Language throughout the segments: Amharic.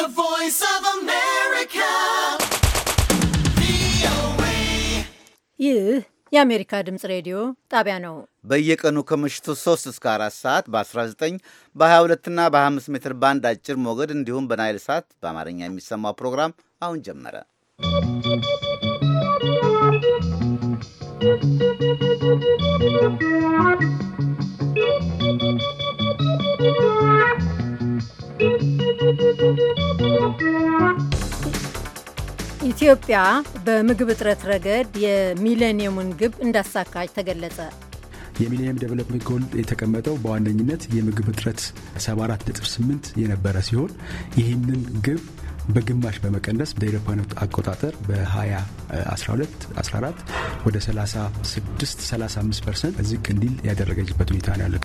The Voice of America. ይህ የአሜሪካ ድምፅ ሬዲዮ ጣቢያ ነው። በየቀኑ ከምሽቱ 3 እስከ 4 ሰዓት በ19 በ22 እና በ25 ሜትር ባንድ አጭር ሞገድ እንዲሁም በናይል ሳት በአማርኛ የሚሰማው ፕሮግራም አሁን ጀመረ። ¶¶ ኢትዮጵያ በምግብ እጥረት ረገድ የሚሌኒየሙን ግብ እንዳሳካች ተገለጸ። የሚሊኒየም ዴቨሎፕመንት ጎል የተቀመጠው በዋነኝነት የምግብ እጥረት 74.8 የነበረ ሲሆን ይህንን ግብ በግማሽ በመቀነስ በአውሮፓውያን አቆጣጠር በ2012 14 ወደ 36 35 ፐርሰንት ዝቅ እንዲል ያደረገችበት ሁኔታ ነው ያለው።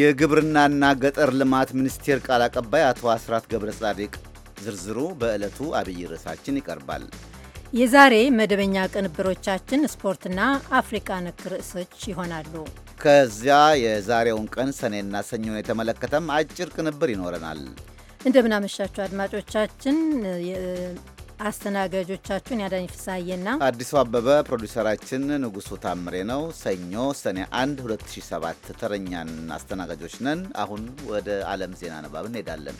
የግብርናና ገጠር ልማት ሚኒስቴር ቃል አቀባይ አቶ አስራት ገብረ ጻድቅ ዝርዝሩ በዕለቱ አብይ ርዕሳችን ይቀርባል። የዛሬ መደበኛ ቅንብሮቻችን ስፖርትና አፍሪቃ ነክ ርዕሶች ይሆናሉ። ከዚያ የዛሬውን ቀን ሰኔና ሰኞን የተመለከተም አጭር ቅንብር ይኖረናል። እንደምናመሻችሁ አድማጮቻችን አስተናጋጆቻችሁን ያዳኝ ፍሳዬና አዲሱ አበበ ፕሮዲሰራችን ንጉሱ ታምሬ ነው። ሰኞ ሰኔ 1 2007 ተረኛን አስተናጋጆች ነን። አሁን ወደ ዓለም ዜና ንባብ እንሄዳለን።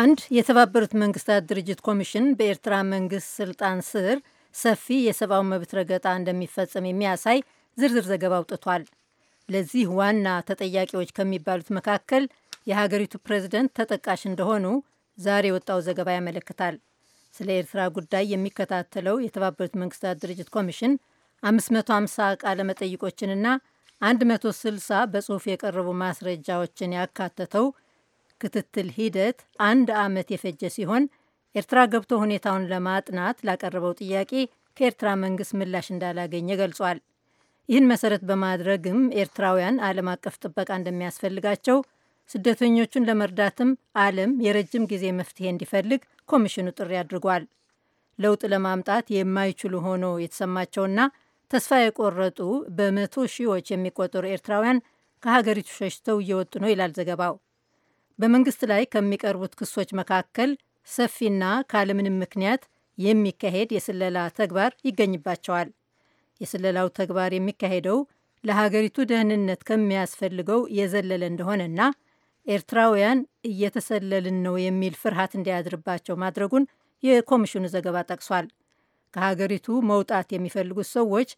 አንድ የተባበሩት መንግስታት ድርጅት ኮሚሽን በኤርትራ መንግስት ስልጣን ስር ሰፊ የሰብአዊ መብት ረገጣ እንደሚፈጸም የሚያሳይ ዝርዝር ዘገባ አውጥቷል። ለዚህ ዋና ተጠያቂዎች ከሚባሉት መካከል የሀገሪቱ ፕሬዝደንት ተጠቃሽ እንደሆኑ ዛሬ የወጣው ዘገባ ያመለክታል። ስለ ኤርትራ ጉዳይ የሚከታተለው የተባበሩት መንግስታት ድርጅት ኮሚሽን 550 ቃለ መጠይቆችንና 160 በጽሁፍ የቀረቡ ማስረጃዎችን ያካተተው ክትትል ሂደት አንድ ዓመት የፈጀ ሲሆን ኤርትራ ገብቶ ሁኔታውን ለማጥናት ላቀረበው ጥያቄ ከኤርትራ መንግስት ምላሽ እንዳላገኘ ገልጿል። ይህን መሰረት በማድረግም ኤርትራውያን ዓለም አቀፍ ጥበቃ እንደሚያስፈልጋቸው፣ ስደተኞቹን ለመርዳትም ዓለም የረጅም ጊዜ መፍትሄ እንዲፈልግ ኮሚሽኑ ጥሪ አድርጓል። ለውጥ ለማምጣት የማይችሉ ሆኖ የተሰማቸውና ተስፋ የቆረጡ በመቶ ሺዎች የሚቆጠሩ ኤርትራውያን ከሀገሪቱ ሸሽተው እየወጡ ነው ይላል ዘገባው። በመንግስት ላይ ከሚቀርቡት ክሶች መካከል ሰፊና ካለምንም ምክንያት የሚካሄድ የስለላ ተግባር ይገኝባቸዋል። የስለላው ተግባር የሚካሄደው ለሀገሪቱ ደህንነት ከሚያስፈልገው የዘለለ እንደሆነና ኤርትራውያን እየተሰለልን ነው የሚል ፍርሃት እንዲያድርባቸው ማድረጉን የኮሚሽኑ ዘገባ ጠቅሷል። ከሀገሪቱ መውጣት የሚፈልጉት ሰዎች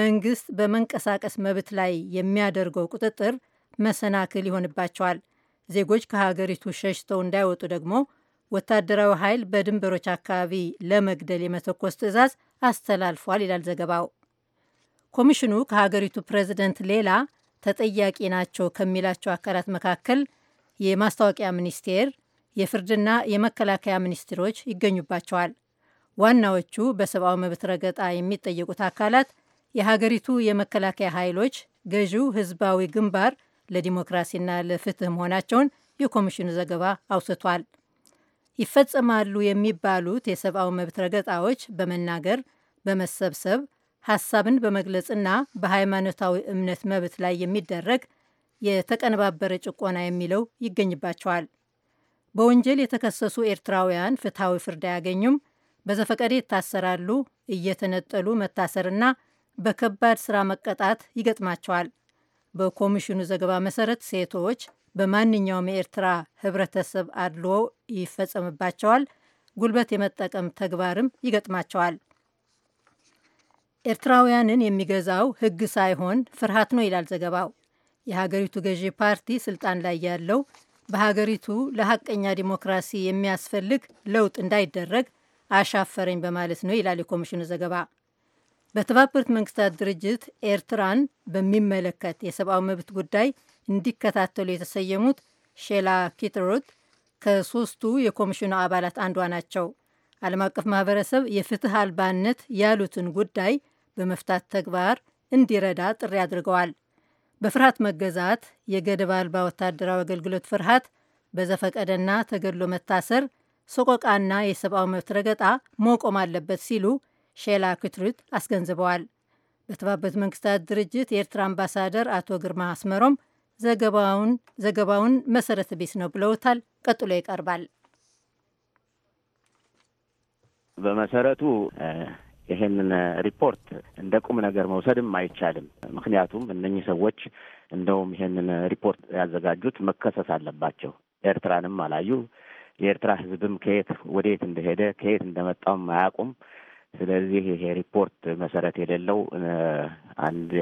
መንግስት በመንቀሳቀስ መብት ላይ የሚያደርገው ቁጥጥር መሰናክል ይሆንባቸዋል። ዜጎች ከሀገሪቱ ሸሽተው እንዳይወጡ ደግሞ ወታደራዊ ኃይል በድንበሮች አካባቢ ለመግደል የመተኮስ ትዕዛዝ አስተላልፏል ይላል ዘገባው። ኮሚሽኑ ከሀገሪቱ ፕሬዚደንት ሌላ ተጠያቂ ናቸው ከሚላቸው አካላት መካከል የማስታወቂያ ሚኒስቴር፣ የፍርድና የመከላከያ ሚኒስትሮች ይገኙባቸዋል። ዋናዎቹ በሰብአዊ መብት ረገጣ የሚጠየቁት አካላት የሀገሪቱ የመከላከያ ኃይሎች፣ ገዢው ህዝባዊ ግንባር ለዲሞክራሲና ለፍትህ መሆናቸውን የኮሚሽኑ ዘገባ አውስቷል። ይፈጸማሉ የሚባሉት የሰብአዊ መብት ረገጣዎች በመናገር፣ በመሰብሰብ፣ ሀሳብን በመግለጽና በሃይማኖታዊ እምነት መብት ላይ የሚደረግ የተቀነባበረ ጭቆና የሚለው ይገኝባቸዋል። በወንጀል የተከሰሱ ኤርትራውያን ፍትሐዊ ፍርድ አያገኙም። በዘፈቀዴ ይታሰራሉ። እየተነጠሉ መታሰርና በከባድ ስራ መቀጣት ይገጥማቸዋል። በኮሚሽኑ ዘገባ መሰረት ሴቶች በማንኛውም የኤርትራ ህብረተሰብ አድሎ ይፈጸምባቸዋል። ጉልበት የመጠቀም ተግባርም ይገጥማቸዋል። ኤርትራውያንን የሚገዛው ህግ ሳይሆን ፍርሃት ነው ይላል ዘገባው። የሀገሪቱ ገዢ ፓርቲ ስልጣን ላይ ያለው በሀገሪቱ ለሀቀኛ ዲሞክራሲ የሚያስፈልግ ለውጥ እንዳይደረግ አሻፈረኝ በማለት ነው ይላል የኮሚሽኑ ዘገባ። በተባበሩት መንግስታት ድርጅት ኤርትራን በሚመለከት የሰብአዊ መብት ጉዳይ እንዲከታተሉ የተሰየሙት ሼላ ኪትሮት ከሶስቱ የኮሚሽኑ አባላት አንዷ ናቸው። ዓለም አቀፍ ማህበረሰብ የፍትህ አልባነት ያሉትን ጉዳይ በመፍታት ተግባር እንዲረዳ ጥሪ አድርገዋል። በፍርሃት መገዛት፣ የገደብ አልባ ወታደራዊ አገልግሎት ፍርሃት፣ በዘፈቀደና ተገድሎ መታሰር ሰቆቃና የሰብአዊ መብት ረገጣ መቆም አለበት ሲሉ ሼላ ክትሩት አስገንዝበዋል። በተባበሩት መንግስታት ድርጅት የኤርትራ አምባሳደር አቶ ግርማ አስመሮም ዘገባውን መሰረተ ቢስ ነው ብለውታል። ቀጥሎ ይቀርባል። በመሰረቱ ይሄንን ሪፖርት እንደ ቁም ነገር መውሰድም አይቻልም። ምክንያቱም እነኚህ ሰዎች እንደውም ይሄንን ሪፖርት ያዘጋጁት መከሰስ አለባቸው። ኤርትራንም አላዩ፣ የኤርትራ ህዝብም ከየት ወደየት እንደሄደ ከየት እንደመጣም አያውቁም። ስለዚህ ይሄ ሪፖርት መሰረት የሌለው አንድ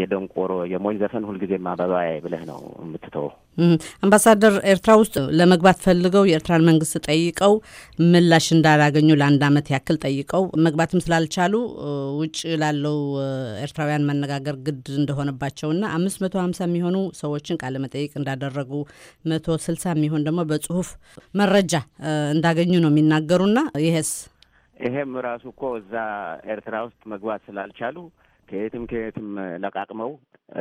የደንቆሮ የሞኝ ዘፈን ሁልጊዜ ማበባዬ ብለህ ነው የምትተው። አምባሳደር ኤርትራ ውስጥ ለመግባት ፈልገው የኤርትራን መንግስት ጠይቀው ምላሽ እንዳላገኙ ለአንድ አመት ያክል ጠይቀው መግባትም ስላልቻሉ ውጭ ላለው ኤርትራውያን መነጋገር ግድ እንደሆነባቸውና አምስት መቶ ሀምሳ የሚሆኑ ሰዎችን ቃለ መጠይቅ እንዳደረጉ መቶ ስልሳ የሚሆን ደግሞ በጽሁፍ መረጃ እንዳገኙ ነው የሚናገሩና ይሄስ ይሄም ራሱ እኮ እዛ ኤርትራ ውስጥ መግባት ስላልቻሉ ከየትም ከየትም ለቃቅመው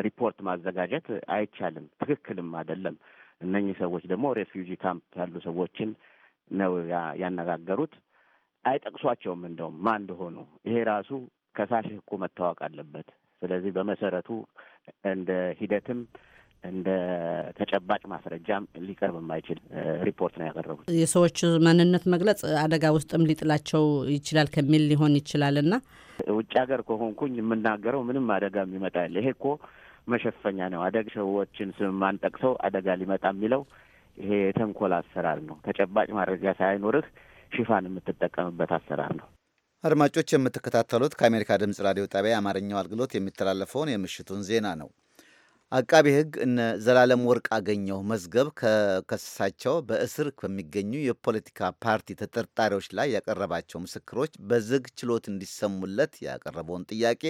ሪፖርት ማዘጋጀት አይቻልም፣ ትክክልም አይደለም። እነኚህ ሰዎች ደግሞ ሬፊውጂ ካምፕ ያሉ ሰዎችን ነው ያነጋገሩት። አይጠቅሷቸውም እንደውም ማን እንደሆኑ። ይሄ ራሱ ከሳሽ ሕጉ መታወቅ አለበት። ስለዚህ በመሰረቱ እንደ ሂደትም እንደ ተጨባጭ ማስረጃም ሊቀርብ የማይችል ሪፖርት ነው ያቀረቡት። የሰዎች ማንነት መግለጽ አደጋ ውስጥም ሊጥላቸው ይችላል ከሚል ሊሆን ይችላል እና ውጭ ሀገር ከሆንኩኝ የምናገረው ምንም አደጋ የሚመጣ ያለ ይሄ እኮ መሸፈኛ ነው። አደጋ ሰዎችን ስም ጠቅሰው አደጋ ሊመጣ የሚለው ይሄ የተንኮል አሰራር ነው። ተጨባጭ ማድረጊያ ሳይኖርህ ሽፋን የምትጠቀምበት አሰራር ነው። አድማጮች የምትከታተሉት ከአሜሪካ ድምጽ ራዲዮ ጣቢያ የአማርኛው አገልግሎት የሚተላለፈውን የምሽቱን ዜና ነው። አቃቢ ሕግ እነ ዘላለም ወርቅ አገኘው መዝገብ ከከሳቸው በእስር በሚገኙ የፖለቲካ ፓርቲ ተጠርጣሪዎች ላይ ያቀረባቸው ምስክሮች በዝግ ችሎት እንዲሰሙለት ያቀረበውን ጥያቄ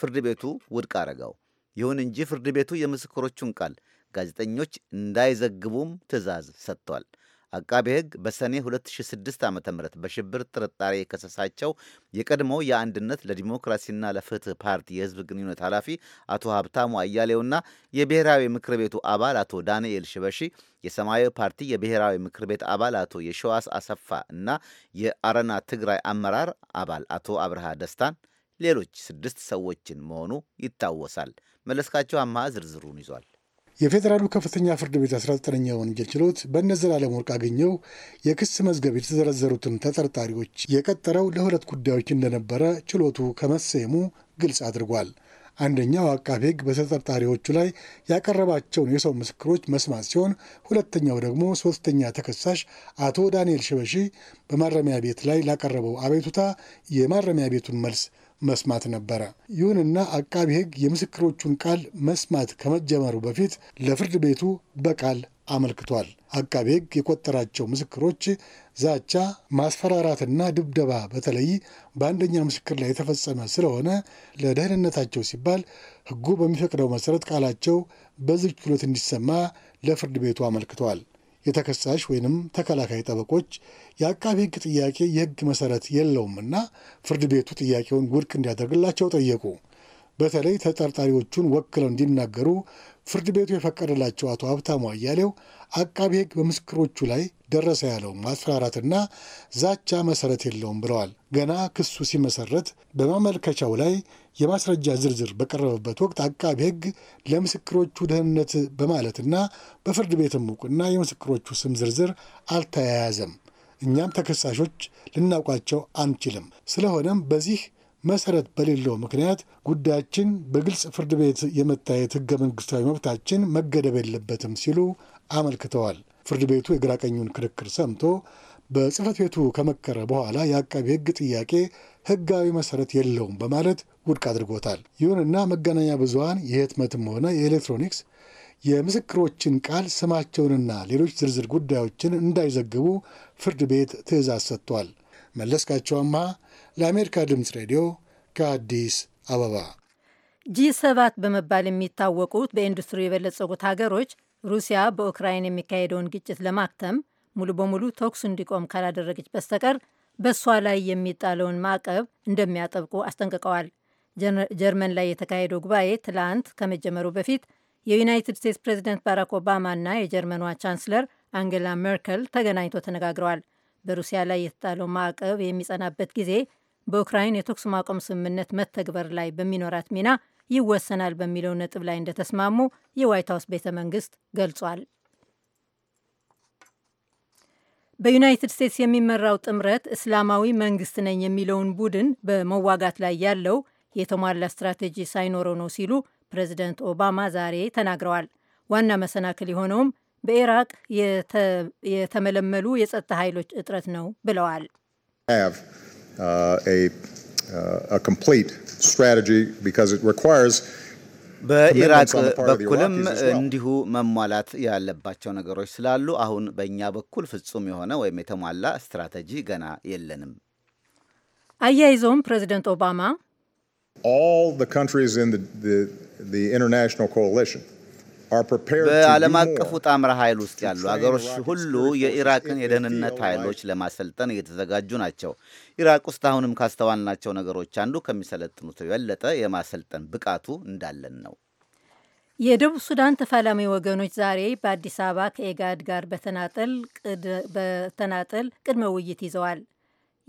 ፍርድ ቤቱ ውድቅ አረገው። ይሁን እንጂ ፍርድ ቤቱ የምስክሮቹን ቃል ጋዜጠኞች እንዳይዘግቡም ትዕዛዝ ሰጥቷል። አቃቤ ሕግ በሰኔ 2006 ዓ ም በሽብር ጥርጣሬ የከሰሳቸው የቀድሞው የአንድነት ለዲሞክራሲና ለፍትህ ፓርቲ የህዝብ ግንኙነት ኃላፊ አቶ ሀብታሙ አያሌውና የብሔራዊ ምክር ቤቱ አባል አቶ ዳንኤል ሽበሺ፣ የሰማያዊ ፓርቲ የብሔራዊ ምክር ቤት አባል አቶ የሸዋስ አሰፋ እና የአረና ትግራይ አመራር አባል አቶ አብርሃ ደስታን ሌሎች ስድስት ሰዎችን መሆኑ ይታወሳል። መለስካቸው አማ ዝርዝሩን ይዟል። የፌዴራሉ ከፍተኛ ፍርድ ቤት 19ኛ ወንጀል ችሎት በእነ ዘላለም ወርቅ አገኘው የክስ መዝገብ የተዘረዘሩትን ተጠርጣሪዎች የቀጠረው ለሁለት ጉዳዮች እንደነበረ ችሎቱ ከመሰየሙ ግልጽ አድርጓል። አንደኛው አቃቤ ሕግ በተጠርጣሪዎቹ ላይ ያቀረባቸውን የሰው ምስክሮች መስማት ሲሆን ሁለተኛው ደግሞ ሶስተኛ ተከሳሽ አቶ ዳንኤል ሽበሺ በማረሚያ ቤት ላይ ላቀረበው አቤቱታ የማረሚያ ቤቱን መልስ መስማት ነበረ። ይሁንና አቃቢ ሕግ የምስክሮቹን ቃል መስማት ከመጀመሩ በፊት ለፍርድ ቤቱ በቃል አመልክቷል። አቃቢ ሕግ የቆጠራቸው ምስክሮች ዛቻ፣ ማስፈራራትና ድብደባ በተለይ በአንደኛ ምስክር ላይ የተፈጸመ ስለሆነ ለደህንነታቸው ሲባል ሕጉ በሚፈቅደው መሰረት ቃላቸው በዝግ ችሎት እንዲሰማ ለፍርድ ቤቱ አመልክቷል። የተከሳሽ ወይንም ተከላካይ ጠበቆች የአቃቢ ሕግ ጥያቄ የሕግ መሰረት የለውምና ፍርድ ቤቱ ጥያቄውን ውድቅ እንዲያደርግላቸው ጠየቁ። በተለይ ተጠርጣሪዎቹን ወክለው እንዲናገሩ ፍርድ ቤቱ የፈቀደላቸው አቶ ሀብታሙ አያሌው አቃቢ ሕግ በምስክሮቹ ላይ ደረሰ ያለው ማስፈራራትና ዛቻ መሰረት የለውም ብለዋል። ገና ክሱ ሲመሰረት በማመልከቻው ላይ የማስረጃ ዝርዝር በቀረበበት ወቅት አቃቢ ሕግ ለምስክሮቹ ደህንነት በማለትና በፍርድ ቤትም እውቅና የምስክሮቹ ስም ዝርዝር አልተያያዘም። እኛም ተከሳሾች ልናውቋቸው አንችልም። ስለሆነም በዚህ መሰረት በሌለው ምክንያት ጉዳያችን በግልጽ ፍርድ ቤት የመታየት ህገ መንግስታዊ መብታችን መገደብ የለበትም ሲሉ አመልክተዋል። ፍርድ ቤቱ የግራቀኙን ክርክር ሰምቶ በጽህፈት ቤቱ ከመከረ በኋላ የአቃቢ ህግ ጥያቄ ህጋዊ መሰረት የለውም በማለት ውድቅ አድርጎታል። ይሁንና መገናኛ ብዙሀን የህትመትም ሆነ የኤሌክትሮኒክስ የምስክሮችን ቃል ስማቸውንና ሌሎች ዝርዝር ጉዳዮችን እንዳይዘግቡ ፍርድ ቤት ትእዛዝ ሰጥቷል። መለስካቸው ለአሜሪካ ድምፅ ሬዲዮ ከአዲስ አበባ። ጂ ሰባት በመባል የሚታወቁት በኢንዱስትሪ የበለጸጉት ሀገሮች ሩሲያ በኡክራይን የሚካሄደውን ግጭት ለማክተም ሙሉ በሙሉ ተኩስ እንዲቆም ካላደረገች በስተቀር በእሷ ላይ የሚጣለውን ማዕቀብ እንደሚያጠብቁ አስጠንቅቀዋል። ጀርመን ላይ የተካሄደው ጉባኤ ትላንት ከመጀመሩ በፊት የዩናይትድ ስቴትስ ፕሬዚደንት ባራክ ኦባማና የጀርመኗ ቻንስለር አንጌላ ሜርከል ተገናኝቶ ተነጋግረዋል። በሩሲያ ላይ የተጣለው ማዕቀብ የሚጸናበት ጊዜ በኡክራይን የተኩስ ማቆም ስምምነት መተግበር ላይ በሚኖራት ሚና ይወሰናል በሚለው ነጥብ ላይ እንደተስማሙ የዋይት ሀውስ ቤተ መንግስት ገልጿል። በዩናይትድ ስቴትስ የሚመራው ጥምረት እስላማዊ መንግስት ነኝ የሚለውን ቡድን በመዋጋት ላይ ያለው የተሟላ ስትራቴጂ ሳይኖረው ነው ሲሉ ፕሬዚደንት ኦባማ ዛሬ ተናግረዋል። ዋና መሰናክል የሆነውም በኢራቅ የተመለመሉ የጸጥታ ኃይሎች እጥረት ነው ብለዋል። በኢራቅ በኩልም እንዲሁ መሟላት ያለባቸው ነገሮች ስላሉ አሁን በእኛ በኩል ፍጹም የሆነ ወይም የተሟላ ስትራቴጂ ገና የለንም። አያይዘውም ፕሬዚደንት ኦባማ all the countries in the, the, the international coalition በዓለም አቀፉ ጣምራ ኃይል ውስጥ ያሉ አገሮች ሁሉ የኢራቅን የደህንነት ኃይሎች ለማሰልጠን እየተዘጋጁ ናቸው። ኢራቅ ውስጥ አሁንም ካስተዋልናቸው ነገሮች አንዱ ከሚሰለጥኑት የበለጠ የማሰልጠን ብቃቱ እንዳለን ነው። የደቡብ ሱዳን ተፋላሚ ወገኖች ዛሬ በአዲስ አበባ ከኤጋድ ጋር በተናጠል ቅድመ ውይይት ይዘዋል።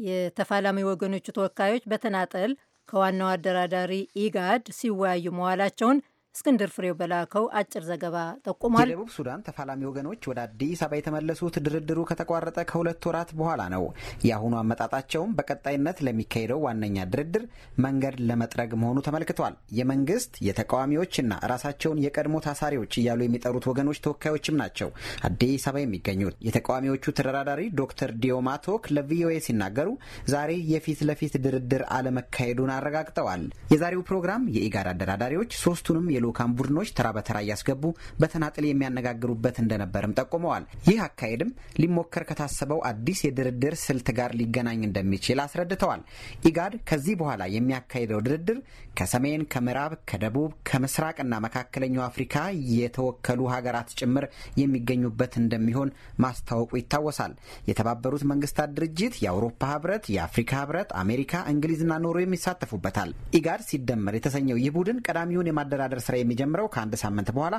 የተፋላሚ ወገኖቹ ተወካዮች በተናጠል ከዋናው አደራዳሪ ኢጋድ ሲወያዩ መዋላቸውን እስክንድር ፍሬው በላከው አጭር ዘገባ ጠቁሟል። የደቡብ ሱዳን ተፋላሚ ወገኖች ወደ አዲስ አበባ የተመለሱት ድርድሩ ከተቋረጠ ከሁለት ወራት በኋላ ነው። የአሁኑ አመጣጣቸውም በቀጣይነት ለሚካሄደው ዋነኛ ድርድር መንገድ ለመጥረግ መሆኑ ተመልክቷል። የመንግስት የተቃዋሚዎችና ራሳቸውን የቀድሞ ታሳሪዎች እያሉ የሚጠሩት ወገኖች ተወካዮችም ናቸው አዲስ አበባ የሚገኙት። የተቃዋሚዎቹ ተደራዳሪ ዶክተር ዲዮማቶክ ለቪኦኤ ሲናገሩ ዛሬ የፊት ለፊት ድርድር አለመካሄዱን አረጋግጠዋል። የዛሬው ፕሮግራም የኢጋድ አደራዳሪዎች ሶስቱንም የልዑካን ቡድኖች ተራ በተራ እያስገቡ በተናጥል የሚያነጋግሩበት እንደነበርም ጠቁመዋል። ይህ አካሄድም ሊሞከር ከታሰበው አዲስ የድርድር ስልት ጋር ሊገናኝ እንደሚችል አስረድተዋል። ኢጋድ ከዚህ በኋላ የሚያካሂደው ድርድር ከሰሜን፣ ከምዕራብ፣ ከደቡብ፣ ከምስራቅና መካከለኛው አፍሪካ የተወከሉ ሀገራት ጭምር የሚገኙበት እንደሚሆን ማስታወቁ ይታወሳል። የተባበሩት መንግስታት ድርጅት፣ የአውሮፓ ህብረት፣ የአፍሪካ ህብረት፣ አሜሪካ፣ እንግሊዝና ኖሮ ይሳተፉበታል። ኢጋድ ሲደመር የተሰኘው ይህ ቡድን ቀዳሚውን የማደራደር ስራ የሚጀምረው ከአንድ ሳምንት በኋላ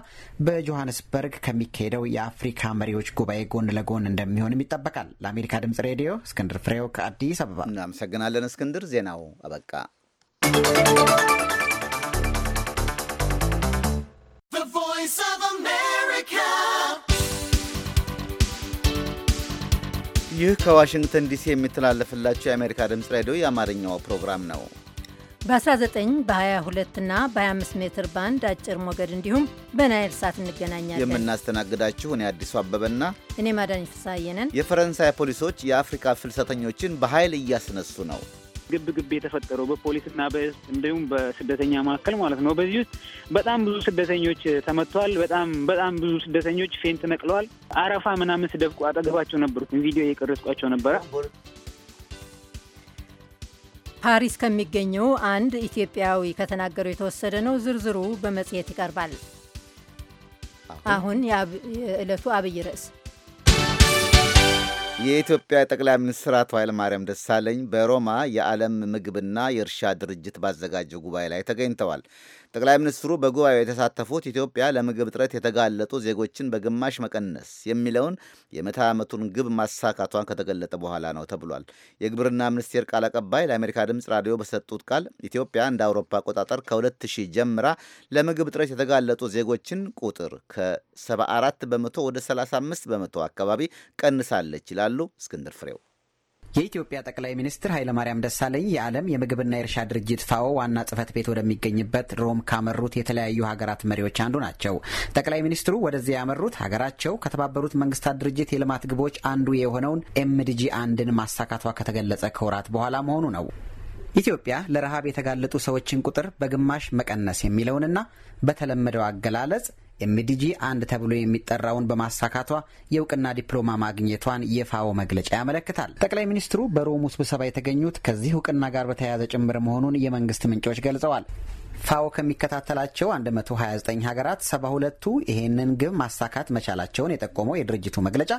በጆሀንስበርግ ከሚካሄደው የአፍሪካ መሪዎች ጉባኤ ጎን ለጎን እንደሚሆንም ይጠበቃል። ለአሜሪካ ድምጽ ሬዲዮ እስክንድር ፍሬው ከአዲስ አበባ። እናመሰግናለን እስክንድር። ዜናው አበቃ። ይህ ከዋሽንግተን ዲሲ የሚተላለፍላቸው የአሜሪካ ድምፅ ሬዲዮ የአማርኛው ፕሮግራም ነው። በ19 በ22 እና በ25 ሜትር ባንድ አጭር ሞገድ እንዲሁም በናይል ሳት እንገናኛለን። የምናስተናግዳችሁ እኔ አዲሱ አበበና እኔ ማዳኝ ፍስሐዬ የፈረንሳይ ፖሊሶች የአፍሪካ ፍልሰተኞችን በኃይል እያስነሱ ነው። ግብ ግብ የተፈጠረው በፖሊስና በህዝብ እንዲሁም በስደተኛ መካከል ማለት ነው። በዚህ ውስጥ በጣም ብዙ ስደተኞች ተመቷል። በጣም በጣም ብዙ ስደተኞች ፌንት ነቅለዋል። አረፋ ምናምን ስደብቁ አጠገባቸው ነበሩ ቪዲዮ እየቀረጽኳቸው ነበረ። ፓሪስ ከሚገኘው አንድ ኢትዮጵያዊ ከተናገረው የተወሰደ ነው። ዝርዝሩ በመጽሔት ይቀርባል። አሁን የዕለቱ አብይ ርዕስ የኢትዮጵያ ጠቅላይ ሚኒስትር አቶ ኃይለማርያም ደሳለኝ በሮማ የዓለም ምግብና የእርሻ ድርጅት ባዘጋጀው ጉባኤ ላይ ተገኝተዋል። ጠቅላይ ሚኒስትሩ በጉባኤው የተሳተፉት ኢትዮጵያ ለምግብ እጥረት የተጋለጡ ዜጎችን በግማሽ መቀነስ የሚለውን የምዕተ ዓመቱን ግብ ማሳካቷን ከተገለጠ በኋላ ነው ተብሏል። የግብርና ሚኒስቴር ቃል አቀባይ ለአሜሪካ ድምፅ ራዲዮ በሰጡት ቃል ኢትዮጵያ እንደ አውሮፓ አቆጣጠር ከ2000 ጀምራ ለምግብ እጥረት የተጋለጡ ዜጎችን ቁጥር ከ74 በመቶ ወደ 35 በመቶ አካባቢ ቀንሳለች ይላሉ። እስክንድር ፍሬው የኢትዮጵያ ጠቅላይ ሚኒስትር ኃይለማርያም ደሳለኝ የዓለም የምግብና የእርሻ ድርጅት ፋኦ ዋና ጽህፈት ቤት ወደሚገኝበት ሮም ካመሩት የተለያዩ ሀገራት መሪዎች አንዱ ናቸው። ጠቅላይ ሚኒስትሩ ወደዚያ ያመሩት ሀገራቸው ከተባበሩት መንግስታት ድርጅት የልማት ግቦች አንዱ የሆነውን ኤምዲጂ አንድን ማሳካቷ ከተገለጸ ከወራት በኋላ መሆኑ ነው። ኢትዮጵያ ለረሃብ የተጋለጡ ሰዎችን ቁጥር በግማሽ መቀነስ የሚለውንና በተለመደው አገላለጽ ኤምዲጂ አንድ ተብሎ የሚጠራውን በማሳካቷ የእውቅና ዲፕሎማ ማግኘቷን የፋኦ መግለጫ ያመለክታል። ጠቅላይ ሚኒስትሩ በሮሙ ስብሰባ የተገኙት ከዚህ እውቅና ጋር በተያያዘ ጭምር መሆኑን የመንግስት ምንጮች ገልጸዋል። ፋኦ ከሚከታተላቸው 129 ሀገራት 72ቱ ይህንን ግብ ማሳካት መቻላቸውን የጠቆመው የድርጅቱ መግለጫ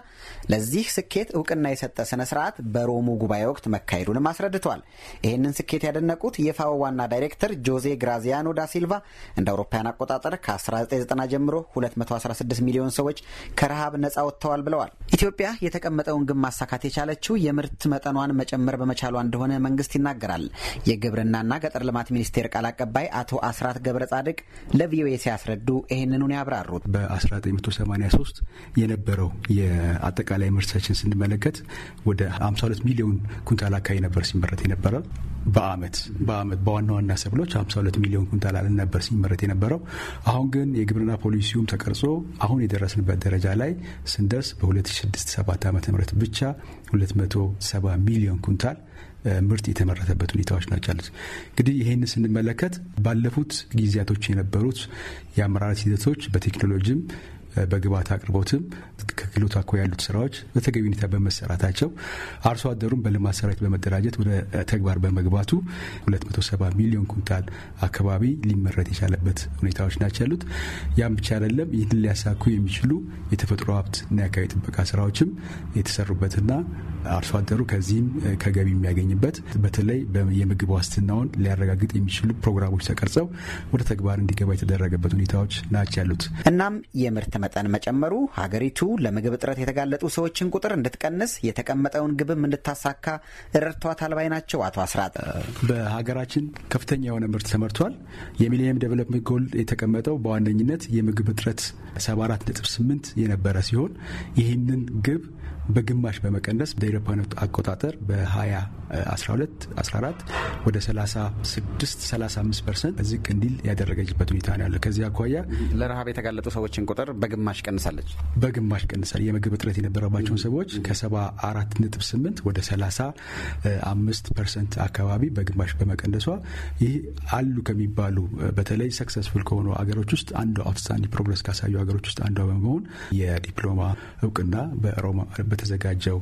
ለዚህ ስኬት እውቅና የሰጠ ስነ ስርዓት በሮሙ ጉባኤ ወቅት መካሄዱንም አስረድቷል። ይህንን ስኬት ያደነቁት የፋኦ ዋና ዳይሬክተር ጆዜ ግራዚያኖ ዳሲልቫ እንደ አውሮፓውያን አቆጣጠር ከ1990 ጀምሮ 216 ሚሊዮን ሰዎች ከረሃብ ነጻ ወጥተዋል ብለዋል። ኢትዮጵያ የተቀመጠውን ግብ ማሳካት የቻለችው የምርት መጠኗን መጨመር በመቻሏ እንደሆነ መንግስት ይናገራል። የግብርናና ገጠር ልማት ሚኒስቴር ቃል አቀባይ አቶ አስራት ገብረ ጻድቅ ለቪኦኤ ሲያስረዱ ይህንኑን ያብራሩት በ1983 የነበረው የአጠቃላይ ምርታችን ስንመለከት ወደ 52 ሚሊዮን ኩንታል አካባቢ ነበር ሲመረት የነበረ በአመት በአመት በዋና ዋና ሰብሎች 52 ሚሊዮን ኩንታል ነበር ሲመረት የነበረው። አሁን ግን የግብርና ፖሊሲውም ተቀርጾ አሁን የደረስንበት ደረጃ ላይ ስንደርስ በ2067 ዓ ም ብቻ 270 ሚሊዮን ኩንታል ምርት የተመረተበት ሁኔታዎች ናቸው ያሉት። እንግዲህ ይህን ስንመለከት ባለፉት ጊዜያቶች የነበሩት የአመራረት ሂደቶች በቴክኖሎጂም በግብዓት አቅርቦትም ከክሎት አኮ ያሉት ስራዎች በተገቢ ሁኔታ በመሰራታቸው አርሶ አደሩን በልማት ሰራዊት በመደራጀት ወደ ተግባር በመግባቱ 270 ሚሊዮን ኩንታል አካባቢ ሊመረት የቻለበት ሁኔታዎች ናቸው ያሉት። ያም ብቻ አይደለም፣ ይህን ሊያሳኩ የሚችሉ የተፈጥሮ እና የአካባቢ ጥበቃ ስራዎችም የተሰሩበትና አርሶ አደሩ ከዚህም ከገቢ የሚያገኝበት በተለይ የምግብ ዋስትናውን ሊያረጋግጥ የሚችሉ ፕሮግራሞች ተቀርጸው ወደ ተግባር እንዲገባ የተደረገበት ሁኔታዎች ናቸው ያሉት። እናም የምርት መጠን መጨመሩ ሀገሪቱ ለምግብ እጥረት የተጋለጡ ሰዎችን ቁጥር እንድትቀንስ የተቀመጠውን ግብም እንድታሳካ ረድቷታል ባይ ናቸው አቶ አስራት። በሀገራችን ከፍተኛ የሆነ ምርት ተመርቷል። የሚሊኒየም ዴቨሎፕመንት ጎል የተቀመጠው በዋነኝነት የምግብ እጥረት 74.8 የነበረ ሲሆን ይህንን ግብ በግማሽ በመቀነስ በአውሮፓውያን አቆጣጠር በ2012 14 ወደ 36 35 ፐርሰንት ዝቅ እንዲል ያደረገችበት ሁኔታ ነው ያለው። ከዚህ አኳያ ለረሃብ የተጋለጡ ሰዎችን ቁጥር በግማሽ ቀንሳለች በግማሽ ቀንሳል። የምግብ እጥረት የነበረባቸውን ሰዎች ከ74.8 ወደ 35 ፐርሰንት አካባቢ በግማሽ በመቀነሷ ይህ አሉ ከሚባሉ በተለይ ሰክሰስፉል ከሆኑ አገሮች ውስጥ አንዷ አውትስታንዲንግ ፕሮግረስ ካሳዩ ሀገሮች ውስጥ አንዷ በመሆን የዲፕሎማ እውቅና በሮማ በተዘጋጀው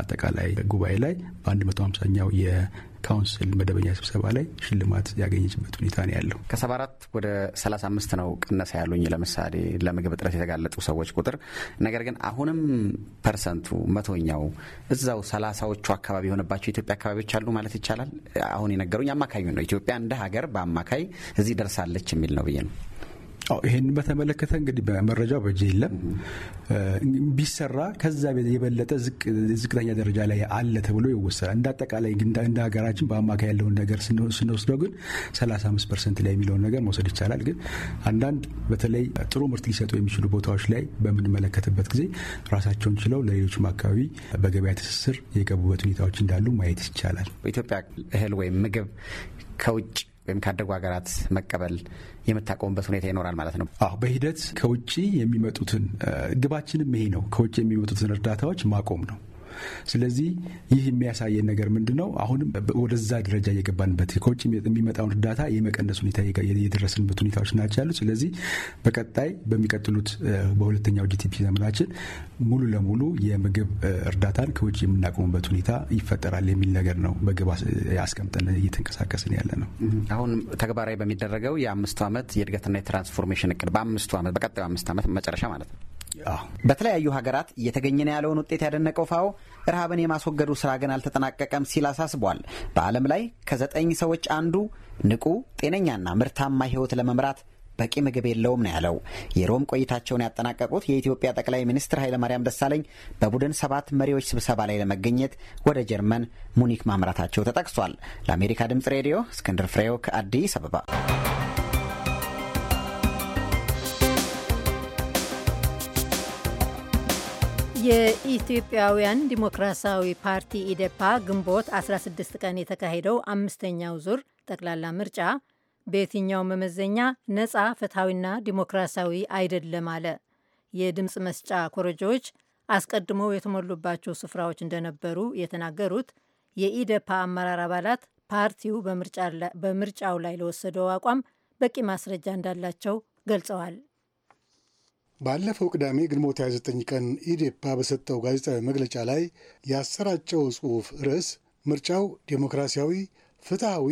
አጠቃላይ ጉባኤ ላይ በ150ኛው የካውንስል መደበኛ ስብሰባ ላይ ሽልማት ያገኘችበት ሁኔታ ነው ያለው። ከ74 ወደ 35 ነው ቅነሳ ያሉኝ ለምሳሌ ለምግብ እጥረት የተጋለጡ ሰዎች ቁጥር። ነገር ግን አሁንም ፐርሰንቱ መቶኛው እዛው ሰላሳዎቹ አካባቢ የሆነባቸው ኢትዮጵያ አካባቢዎች አሉ ማለት ይቻላል። አሁን የነገሩኝ አማካኙ ነው። ኢትዮጵያ እንደ ሀገር በአማካይ እዚህ ደርሳለች የሚል ነው ብዬ ነው ይህን በተመለከተ እንግዲህ በመረጃው በእጅ የለም። ቢሰራ ከዛ የበለጠ ዝቅተኛ ደረጃ ላይ አለ ተብሎ ይወሰዳል። እንደ አጠቃላይ እንደ ሀገራችን በአማካይ ያለውን ነገር ስንወስደው ግን 35 ፐርሰንት ላይ የሚለውን ነገር መውሰድ ይቻላል። ግን አንዳንድ በተለይ ጥሩ ምርት ሊሰጡ የሚችሉ ቦታዎች ላይ በምንመለከትበት ጊዜ ራሳቸውን ችለው ለሌሎችም አካባቢ በገበያ ትስስር የገቡበት ሁኔታዎች እንዳሉ ማየት ይቻላል። በኢትዮጵያ እህል ወይም ምግብ ከውጭ ወይም ካደጉ ሀገራት መቀበል የምታቆሙበት ሁኔታ ይኖራል ማለት ነው? አዎ፣ በሂደት ከውጭ የሚመጡትን ግባችንም ይሄ ነው። ከውጭ የሚመጡትን እርዳታዎች ማቆም ነው። ስለዚህ ይህ የሚያሳየን ነገር ምንድን ነው? አሁንም ወደዛ ደረጃ እየገባንበት ከውጭ የሚመጣውን እርዳታ የመቀነስ ሁኔታ የደረስንበት ሁኔታዎች ናቸው ያሉት። ስለዚህ በቀጣይ በሚቀጥሉት በሁለተኛው ጂቲፒ ዘመናችን ሙሉ ለሙሉ የምግብ እርዳታን ከውጭ የምናቆሙበት ሁኔታ ይፈጠራል የሚል ነገር ነው በግብ አስቀምጠን እየተንቀሳቀስን ያለ ነው። አሁን ተግባራዊ በሚደረገው የአምስቱ ዓመት የእድገትና የትራንስፎርሜሽን እቅድ በአምስቱ ዓመት በቀጣዩ አምስት ዓመት መጨረሻ ማለት ነው በተለያዩ ሀገራት እየተገኘ ነው ያለውን ውጤት ያደነቀው ፋኦ ረሃብን የማስወገዱ ስራ ግን አልተጠናቀቀም ሲል አሳስቧል። በዓለም ላይ ከዘጠኝ ሰዎች አንዱ ንቁ ጤነኛና ምርታማ ህይወት ለመምራት በቂ ምግብ የለውም ነው ያለው። የሮም ቆይታቸውን ያጠናቀቁት የኢትዮጵያ ጠቅላይ ሚኒስትር ኃይለማርያም ደሳለኝ በቡድን ሰባት መሪዎች ስብሰባ ላይ ለመገኘት ወደ ጀርመን ሙኒክ ማምራታቸው ተጠቅሷል። ለአሜሪካ ድምጽ ሬዲዮ እስክንድር ፍሬው ከአዲስ አበባ የኢትዮጵያውያን ዲሞክራሲያዊ ፓርቲ ኢዴፓ ግንቦት 16 ቀን የተካሄደው አምስተኛው ዙር ጠቅላላ ምርጫ በየትኛው መመዘኛ ነፃ ፍትሐዊና ዲሞክራሲያዊ አይደለም አለ። የድምፅ መስጫ ኮረጆዎች አስቀድመው የተሞሉባቸው ስፍራዎች እንደነበሩ የተናገሩት የኢዴፓ አመራር አባላት ፓርቲው በምርጫው ላይ ለወሰደው አቋም በቂ ማስረጃ እንዳላቸው ገልጸዋል። ባለፈው ቅዳሜ ግንቦት 29 ቀን ኢዴፓ በሰጠው ጋዜጣዊ መግለጫ ላይ ያሰራጨው ጽሑፍ ርዕስ ምርጫው ዴሞክራሲያዊ፣ ፍትሐዊ፣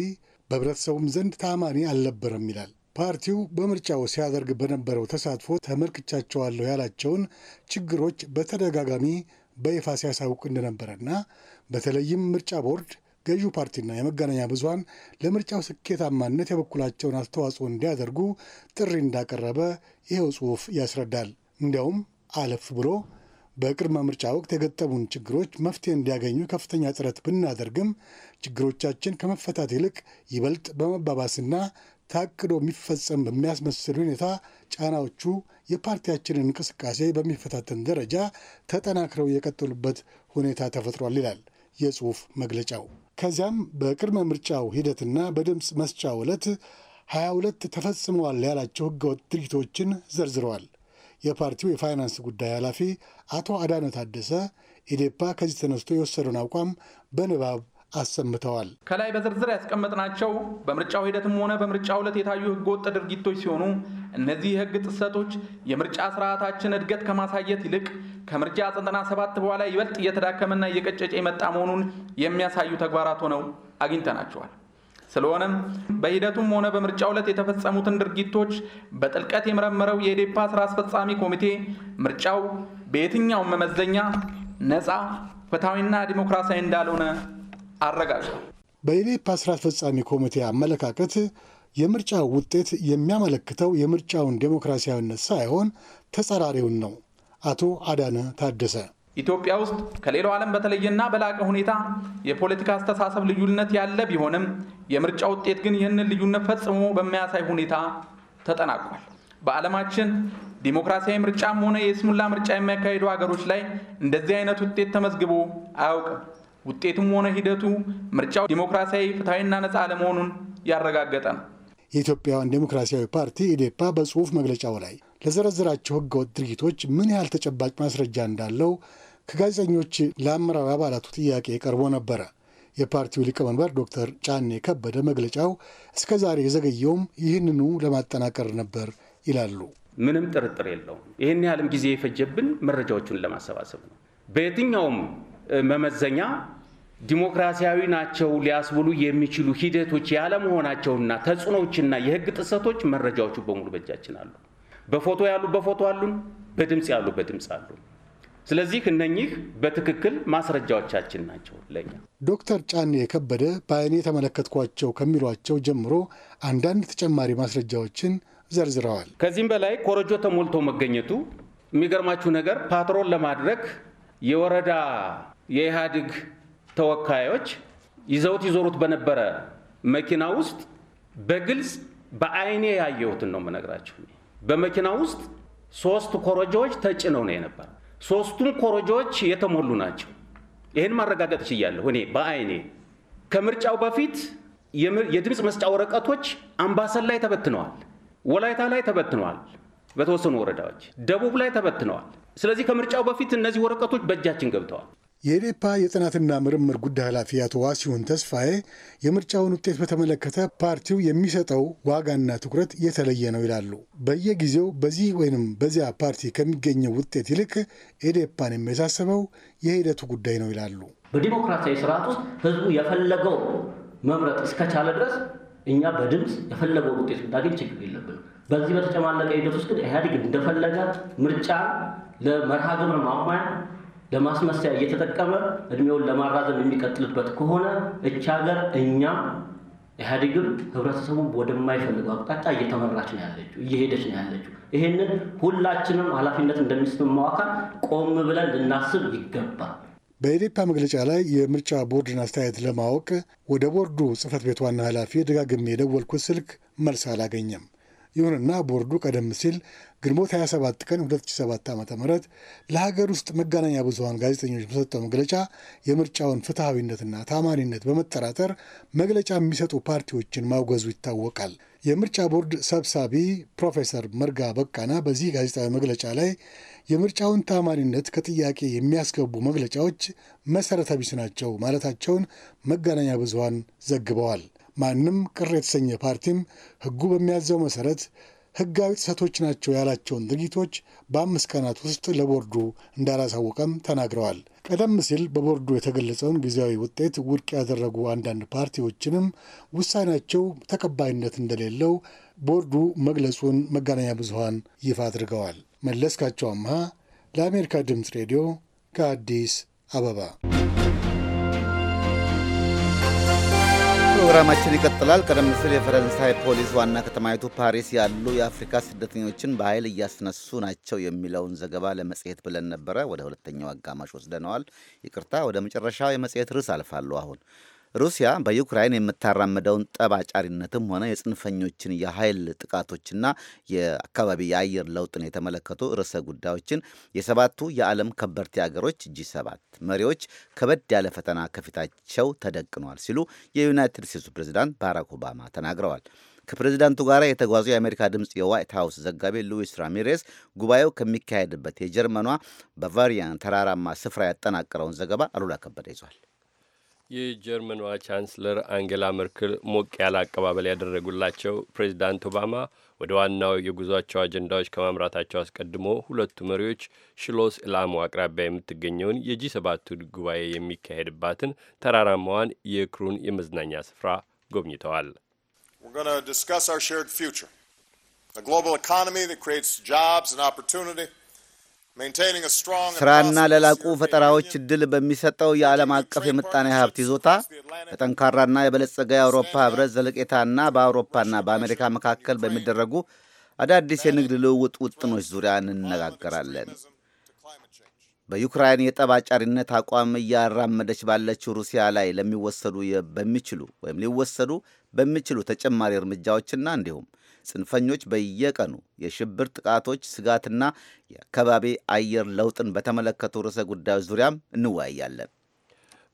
በህብረተሰቡም ዘንድ ታማኒ አልነበረም ይላል። ፓርቲው በምርጫው ሲያደርግ በነበረው ተሳትፎ ተመልክቻቸዋለሁ ያላቸውን ችግሮች በተደጋጋሚ በይፋ ሲያሳውቅ እንደነበረና በተለይም ምርጫ ቦርድ ገዢው ፓርቲና የመገናኛ ብዙሀን ለምርጫው ስኬታማነት የበኩላቸውን አስተዋጽኦ እንዲያደርጉ ጥሪ እንዳቀረበ ይኸው ጽሑፍ ያስረዳል። እንዲያውም አለፍ ብሎ በቅድመ ምርጫ ወቅት የገጠሙን ችግሮች መፍትሄ እንዲያገኙ ከፍተኛ ጥረት ብናደርግም ችግሮቻችን ከመፈታት ይልቅ ይበልጥ በመባባስና ታቅዶ የሚፈጸም በሚያስመስል ሁኔታ ጫናዎቹ የፓርቲያችንን እንቅስቃሴ በሚፈታተን ደረጃ ተጠናክረው የቀጠሉበት ሁኔታ ተፈጥሯል ይላል የጽሑፍ መግለጫው። ከዚያም በቅድመ ምርጫው ሂደትና በድምፅ መስጫው ዕለት 22 ተፈጽመዋል ያላቸው ህገወጥ ድርጊቶችን ዘርዝረዋል። የፓርቲው የፋይናንስ ጉዳይ ኃላፊ አቶ አዳነ ታደሰ ኢዴፓ ከዚህ ተነስቶ የወሰደውን አቋም በንባብ አሰምተዋል። ከላይ በዝርዝር ያስቀመጥናቸው በምርጫው ሂደትም ሆነ በምርጫው ዕለት የታዩ ህገወጥ ድርጊቶች ሲሆኑ እነዚህ የህግ ጥሰቶች የምርጫ ስርዓታችን እድገት ከማሳየት ይልቅ ከምርጫ 97 በኋላ ይበልጥ እየተዳከመና እየቀጨጨ የመጣ መሆኑን የሚያሳዩ ተግባራት ሆነው አግኝተናቸዋል። ስለሆነም በሂደቱም ሆነ በምርጫው ዕለት የተፈጸሙትን ድርጊቶች በጥልቀት የመረመረው የኢዴፓ ስራ አስፈጻሚ ኮሚቴ ምርጫው በየትኛውም መመዘኛ ነፃ ፍትሐዊና ዲሞክራሲያዊ እንዳልሆነ አረጋግጧል። በኢዴፓ ስራ አስፈጻሚ ኮሚቴ አመለካከት የምርጫ ውጤት የሚያመለክተው የምርጫውን ዴሞክራሲያዊነት ሳይሆን ተጻራሪውን ነው። አቶ አዳነ ታደሰ ኢትዮጵያ ውስጥ ከሌላው ዓለም በተለየና በላቀ ሁኔታ የፖለቲካ አስተሳሰብ ልዩነት ያለ ቢሆንም የምርጫ ውጤት ግን ይህንን ልዩነት ፈጽሞ በሚያሳይ ሁኔታ ተጠናቋል። በዓለማችን ዲሞክራሲያዊ ምርጫም ሆነ የስሙላ ምርጫ የሚያካሂዱ ሀገሮች ላይ እንደዚህ አይነት ውጤት ተመዝግቦ አያውቅም። ውጤቱም ሆነ ሂደቱ ምርጫው ዲሞክራሲያዊ ፍትሐዊና ነፃ አለመሆኑን ያረጋገጠ ነው። የኢትዮጵያውያን ዴሞክራሲያዊ ፓርቲ ኢዴፓ በጽሁፍ መግለጫው ላይ ለዘረዘራቸው ህገወጥ ድርጊቶች ምን ያህል ተጨባጭ ማስረጃ እንዳለው ከጋዜጠኞች ለአመራር አባላቱ ጥያቄ ቀርቦ ነበረ። የፓርቲው ሊቀመንበር ዶክተር ጫኔ ከበደ መግለጫው እስከ ዛሬ የዘገየውም ይህንኑ ለማጠናቀር ነበር ይላሉ። ምንም ጥርጥር የለውም። ይህን ያህልም ጊዜ የፈጀብን መረጃዎቹን ለማሰባሰብ ነው። በየትኛውም መመዘኛ ዲሞክራሲያዊ ናቸው ሊያስብሉ የሚችሉ ሂደቶች ያለመሆናቸውና ተጽዕኖዎችና የህግ ጥሰቶች መረጃዎቹ በሙሉ በእጃችን አሉ። በፎቶ ያሉ በፎቶ አሉን፣ በድምፅ ያሉ በድምፅ አሉ። ስለዚህ እነኚህ በትክክል ማስረጃዎቻችን ናቸው ለኛ። ዶክተር ጫኔ የከበደ በአይኔ የተመለከትኳቸው ከሚሏቸው ጀምሮ አንዳንድ ተጨማሪ ማስረጃዎችን ዘርዝረዋል። ከዚህም በላይ ኮረጆ ተሞልቶ መገኘቱ የሚገርማችሁ ነገር ፓትሮል ለማድረግ የወረዳ የኢህአዴግ ተወካዮች ይዘውት ይዞሩት በነበረ መኪና ውስጥ በግልጽ በአይኔ ያየሁትን ነው የምነግራቸው። በመኪና ውስጥ ሶስት ኮረጆዎች ተጭነው ነው የነበረ። ሶስቱም ኮረጆዎች የተሞሉ ናቸው። ይህን ማረጋገጥ ችያለሁ እኔ በአይኔ። ከምርጫው በፊት የድምፅ መስጫ ወረቀቶች አምባሰል ላይ ተበትነዋል፣ ወላይታ ላይ ተበትነዋል፣ በተወሰኑ ወረዳዎች ደቡብ ላይ ተበትነዋል። ስለዚህ ከምርጫው በፊት እነዚህ ወረቀቶች በእጃችን ገብተዋል። የኢዴፓ የጥናትና ምርምር ጉዳይ ኃላፊ አቶ ዋሲሁን ተስፋዬ የምርጫውን ውጤት በተመለከተ ፓርቲው የሚሰጠው ዋጋና ትኩረት የተለየ ነው ይላሉ። በየጊዜው በዚህ ወይንም በዚያ ፓርቲ ከሚገኘው ውጤት ይልቅ ኢዴፓን የሚያሳስበው የሂደቱ ጉዳይ ነው ይላሉ። በዲሞክራሲያዊ ስርዓት ውስጥ ህዝቡ የፈለገው መምረጥ እስከቻለ ድረስ እኛ በድምፅ የፈለገውን ውጤት ብናገኝ ችግር የለብንም። በዚህ በተጨማለቀ ሂደት ውስጥ ግን ኢህአዴግ እንደፈለገ ምርጫ ለመርሃ ግብር ማሟያ ለማስመሰያ እየተጠቀመ እድሜውን ለማራዘም የሚቀጥልበት ከሆነ እች ሀገር እኛ ኢህአዴግም ህብረተሰቡ ወደማይፈልገው አቅጣጫ እየተመራች ነው ያለችው፣ እየሄደች ነው ያለችው። ይሄንን ሁላችንም ኃላፊነት እንደሚሰማው አካል ቆም ብለን ልናስብ ይገባል። በኢዴፓ መግለጫ ላይ የምርጫ ቦርድን አስተያየት ለማወቅ ወደ ቦርዱ ጽህፈት ቤት ዋና ኃላፊ ደጋግሜ የደወልኩት ስልክ መልስ አላገኘም። ይሁንና ቦርዱ ቀደም ሲል ግንቦት 27 ቀን 2007 ዓ ም ለሀገር ውስጥ መገናኛ ብዙሀን ጋዜጠኞች በሰጠው መግለጫ የምርጫውን ፍትሐዊነትና ታማኒነት በመጠራጠር መግለጫ የሚሰጡ ፓርቲዎችን ማውገዙ ይታወቃል። የምርጫ ቦርድ ሰብሳቢ ፕሮፌሰር መርጋ በቃና በዚህ ጋዜጣዊ መግለጫ ላይ የምርጫውን ታማኒነት ከጥያቄ የሚያስገቡ መግለጫዎች መሰረተ ቢስ ናቸው ማለታቸውን መገናኛ ብዙሀን ዘግበዋል። ማንም ቅር የተሰኘ ፓርቲም ህጉ በሚያዘው መሰረት ህጋዊ ጥሰቶች ናቸው ያላቸውን ድርጊቶች በአምስት ቀናት ውስጥ ለቦርዱ እንዳላሳወቀም ተናግረዋል። ቀደም ሲል በቦርዱ የተገለጸውን ጊዜያዊ ውጤት ውድቅ ያደረጉ አንዳንድ ፓርቲዎችንም ውሳኔያቸው ተቀባይነት እንደሌለው ቦርዱ መግለጹን መገናኛ ብዙሃን ይፋ አድርገዋል። መለስካቸው አምሃ ለአሜሪካ ድምፅ ሬዲዮ ከአዲስ አበባ ፕሮግራማችን ይቀጥላል። ቀደም ሲል የፈረንሳይ ፖሊስ ዋና ከተማይቱ ፓሪስ ያሉ የአፍሪካ ስደተኞችን በኃይል እያስነሱ ናቸው የሚለውን ዘገባ ለመጽሔት ብለን ነበረ። ወደ ሁለተኛው አጋማሽ ወስደነዋል። ይቅርታ፣ ወደ መጨረሻው የመጽሔት ርዕስ አልፋለሁ አሁን ሩሲያ በዩክራይን የምታራምደውን ጠባጫሪነትም ሆነ የጽንፈኞችን የኃይል ጥቃቶችና የአካባቢ የአየር ለውጥን የተመለከቱ ርዕሰ ጉዳዮችን የሰባቱ የዓለም ከበርቴ አገሮች ጂ7 መሪዎች ከበድ ያለ ፈተና ከፊታቸው ተደቅኗል ሲሉ የዩናይትድ ስቴትሱ ፕሬዚዳንት ባራክ ኦባማ ተናግረዋል። ከፕሬዚዳንቱ ጋር የተጓዙ የአሜሪካ ድምፅ የዋይት ሀውስ ዘጋቢ ሉዊስ ራሚሬስ ጉባኤው ከሚካሄድበት የጀርመኗ ባቫሪያን ተራራማ ስፍራ ያጠናቀረውን ዘገባ አሉላ ከበደ ይዟል። የጀርመኗ ቻንስለር አንጌላ መርክል ሞቅ ያለ አቀባበል ያደረጉላቸው ፕሬዚዳንት ኦባማ ወደ ዋናው የጉዟቸው አጀንዳዎች ከማምራታቸው አስቀድሞ ሁለቱ መሪዎች ሽሎስ ኢላሙ አቅራቢያ የምትገኘውን የጂ ሰባቱ ጉባኤ የሚካሄድባትን ተራራማዋን የክሩን የመዝናኛ ስፍራ ጎብኝተዋል። ዲስካስ ስራና ለላቁ ፈጠራዎች እድል በሚሰጠው የዓለም አቀፍ የምጣኔ ሀብት ይዞታ በጠንካራና የበለጸገ የአውሮፓ ህብረት ዘለቄታና በአውሮፓና በአሜሪካ መካከል በሚደረጉ አዳዲስ የንግድ ልውውጥ ውጥኖች ዙሪያ እንነጋገራለን። በዩክራይን የጠብ አጫሪነት አቋም እያራመደች ባለችው ሩሲያ ላይ ለሚወሰዱ በሚችሉ ወይም ሊወሰዱ በሚችሉ ተጨማሪ እርምጃዎችና እንዲሁም ጽንፈኞች በየቀኑ የሽብር ጥቃቶች ስጋትና የአካባቢ አየር ለውጥን በተመለከቱ ርዕሰ ጉዳዮች ዙሪያም እንወያያለን።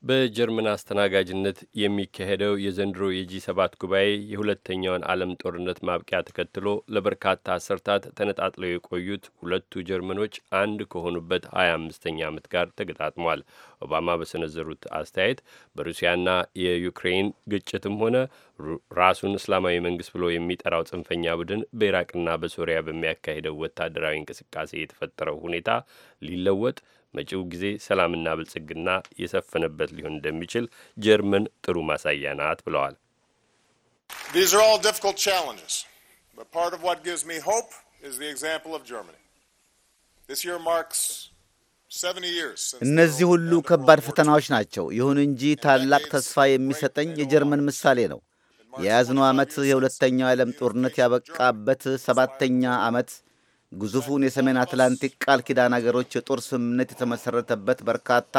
በጀርመን አስተናጋጅነት የሚካሄደው የዘንድሮ የጂ ሰባት ጉባኤ የሁለተኛውን ዓለም ጦርነት ማብቂያ ተከትሎ ለበርካታ አሰርታት ተነጣጥለው የቆዩት ሁለቱ ጀርመኖች አንድ ከሆኑበት 25ኛ ዓመት ጋር ተገጣጥሟል። ኦባማ በሰነዘሩት አስተያየት በሩሲያና የዩክሬን ግጭትም ሆነ ራሱን እስላማዊ መንግስት ብሎ የሚጠራው ጽንፈኛ ቡድን በኢራቅና በሶሪያ በሚያካሄደው ወታደራዊ እንቅስቃሴ የተፈጠረው ሁኔታ ሊለወጥ መጪው ጊዜ ሰላምና ብልጽግና የሰፈነበት ሊሆን እንደሚችል ጀርመን ጥሩ ማሳያ ናት ብለዋል። እነዚህ ሁሉ ከባድ ፈተናዎች ናቸው። ይሁን እንጂ ታላቅ ተስፋ የሚሰጠኝ የጀርመን ምሳሌ ነው። የያዝነው ዓመት የሁለተኛው ዓለም ጦርነት ያበቃበት ሰባተኛ ዓመት ግዙፉን የሰሜን አትላንቲክ ቃል ኪዳን አገሮች የጦር ስምምነት የተመሰረተበት በርካታ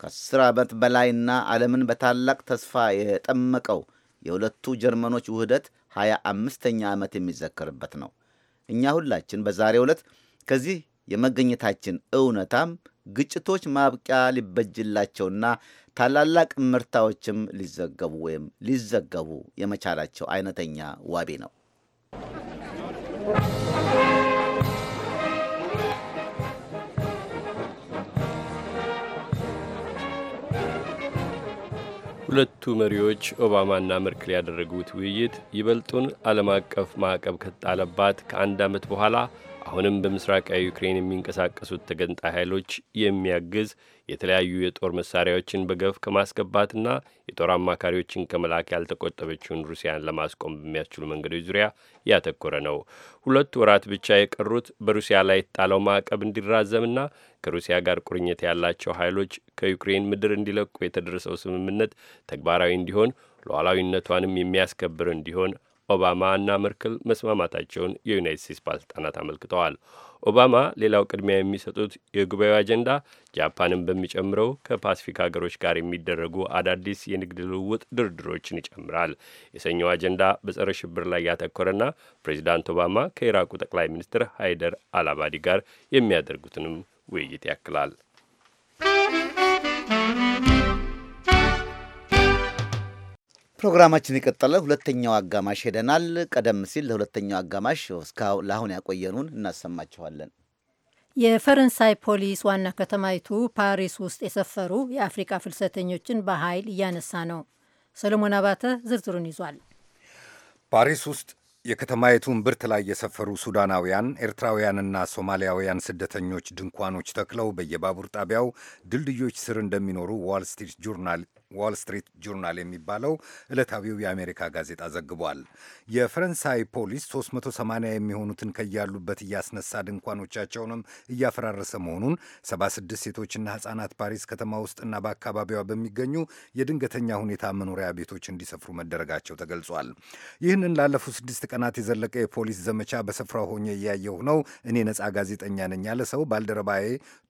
ከአስር ዓመት በላይና ዓለምን በታላቅ ተስፋ የጠመቀው የሁለቱ ጀርመኖች ውህደት ሀያ አምስተኛ ዓመት የሚዘከርበት ነው። እኛ ሁላችን በዛሬ ዕለት ከዚህ የመገኘታችን እውነታም ግጭቶች ማብቂያ ሊበጅላቸውና ታላላቅ ምርታዎችም ሊዘገቡ ወይም ሊዘገቡ የመቻላቸው አይነተኛ ዋቢ ነው። ሁለቱ መሪዎች ኦባማና መርክል ያደረጉት ውይይት ይበልጡን ዓለም አቀፍ ማዕቀብ ከተጣለባት ከአንድ ዓመት በኋላ አሁንም በምስራቃዊ ዩክሬን የሚንቀሳቀሱት ተገንጣይ ኃይሎች የሚያግዝ የተለያዩ የጦር መሳሪያዎችን በገፍ ከማስገባትና የጦር አማካሪዎችን ከመላክ ያልተቆጠበችውን ሩሲያን ለማስቆም በሚያስችሉ መንገዶች ዙሪያ ያተኮረ ነው። ሁለት ወራት ብቻ የቀሩት በሩሲያ ላይ የተጣለው ማዕቀብ እንዲራዘምና ከሩሲያ ጋር ቁርኝት ያላቸው ኃይሎች ከዩክሬን ምድር እንዲለቁ የተደረሰው ስምምነት ተግባራዊ እንዲሆን ሉዓላዊነቷንም የሚያስከብር እንዲሆን ኦባማ እና መርክል መስማማታቸውን የዩናይት ስቴትስ ባለስልጣናት አመልክተዋል። ኦባማ ሌላው ቅድሚያ የሚሰጡት የጉባኤው አጀንዳ ጃፓንን በሚጨምረው ከፓሲፊክ ሀገሮች ጋር የሚደረጉ አዳዲስ የንግድ ልውውጥ ድርድሮችን ይጨምራል። የሰኞው አጀንዳ በጸረ ሽብር ላይ ያተኮረና ፕሬዚዳንት ኦባማ ከኢራቁ ጠቅላይ ሚኒስትር ሃይደር አልአባዲ ጋር የሚያደርጉትንም ውይይት ያክላል። ፕሮግራማችን የቀጠለ ሁለተኛው አጋማሽ ሄደናል። ቀደም ሲል ለሁለተኛው አጋማሽ እስካሁን ለአሁን ያቆየኑን እናሰማችኋለን። የፈረንሳይ ፖሊስ ዋና ከተማይቱ ፓሪስ ውስጥ የሰፈሩ የአፍሪካ ፍልሰተኞችን በኃይል እያነሳ ነው። ሰለሞን አባተ ዝርዝሩን ይዟል። ፓሪስ ውስጥ የከተማይቱ እምብርት ላይ የሰፈሩ ሱዳናውያን፣ ኤርትራውያንና ሶማሊያውያን ስደተኞች ድንኳኖች ተክለው በየባቡር ጣቢያው ድልድዮች ስር እንደሚኖሩ ዋል ስትሪት ጆርናል ዋል ስትሪት ጆርናል የሚባለው ዕለታዊው የአሜሪካ ጋዜጣ ዘግቧል። የፈረንሳይ ፖሊስ 380 የሚሆኑትን ከያሉበት እያስነሳ ድንኳኖቻቸውንም እያፈራረሰ መሆኑን 76 ሴቶችና ሕፃናት ፓሪስ ከተማ ውስጥና በአካባቢዋ በሚገኙ የድንገተኛ ሁኔታ መኖሪያ ቤቶች እንዲሰፍሩ መደረጋቸው ተገልጿል። ይህንን ላለፉት ስድስት ቀናት የዘለቀ የፖሊስ ዘመቻ በስፍራው ሆኜ እያየሁ ነው። እኔ ነጻ ጋዜጠኛ ነኝ ያለ ሰው ባልደረባዬ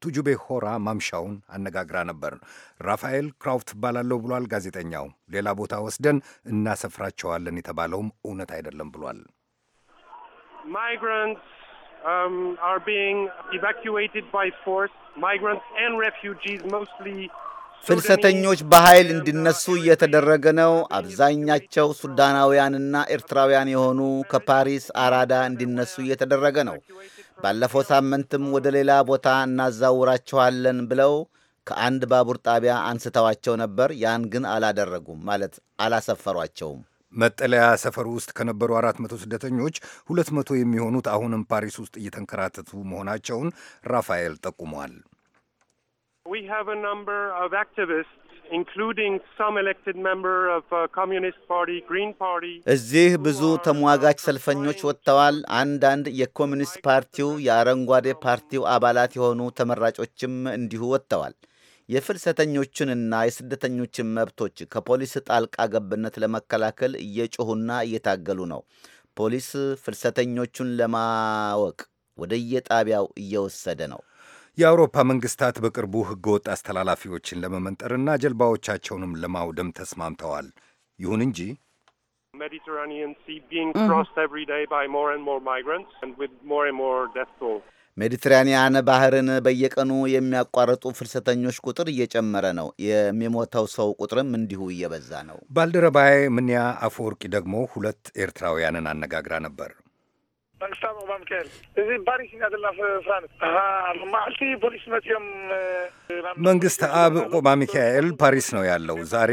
ቱጁቤ ሆራ ማምሻውን አነጋግራ ነበር። ራፋኤል ክራውት ባላ አለው ብሏል ጋዜጠኛው። ሌላ ቦታ ወስደን እናሰፍራቸዋለን የተባለውም እውነት አይደለም ብሏል። um, ፍልሰተኞች በኃይል እንዲነሱ እየተደረገ ነው። አብዛኛቸው ሱዳናውያንና ኤርትራውያን የሆኑ ከፓሪስ አራዳ እንዲነሱ እየተደረገ ነው። ባለፈው ሳምንትም ወደ ሌላ ቦታ እናዛውራቸዋለን ብለው ከአንድ ባቡር ጣቢያ አንስተዋቸው ነበር። ያን ግን አላደረጉም፣ ማለት አላሰፈሯቸውም። መጠለያ ሰፈር ውስጥ ከነበሩ መቶ ስደተኞች መቶ የሚሆኑት አሁንም ፓሪስ ውስጥ እየተንከራተቱ መሆናቸውን ራፋኤል ጠቁሟል። uh, እዚህ ብዙ ተሟጋች ሰልፈኞች ወጥተዋል። አንዳንድ የኮሚኒስት ፓርቲው የአረንጓዴ ፓርቲው አባላት የሆኑ ተመራጮችም እንዲሁ ወጥተዋል። የፍልሰተኞችንና የስደተኞችን መብቶች ከፖሊስ ጣልቃ ገብነት ለመከላከል እየጮሁና እየታገሉ ነው። ፖሊስ ፍልሰተኞቹን ለማወቅ ወደየጣቢያው እየወሰደ ነው። የአውሮፓ መንግስታት በቅርቡ ህገወጥ አስተላላፊዎችን ለመመንጠርና ጀልባዎቻቸውንም ለማውደም ተስማምተዋል። ይሁን እንጂ ሜዲተራኒያን ሲ ቢንግ ክሮስድ ኤቭሪ ዴይ ባይ ሞር ኤንድ ሞር ማይግራንትስ ኤንድ ዊዝ ሞር ኤንድ ሞር ዴዝ ቶል ሜዲትራኒያን ባህርን በየቀኑ የሚያቋርጡ ፍልሰተኞች ቁጥር እየጨመረ ነው። የሚሞተው ሰው ቁጥርም እንዲሁ እየበዛ ነው። ባልደረባዬ ምንያ አፈወርቂ ደግሞ ሁለት ኤርትራውያንን አነጋግራ ነበር። እዚ ኢና ዘለና መዓልቲ ፖሊስ መንግስት ኣብ ቁባ ሚካኤል ፓሪስ ነው ያለው። ዛሬ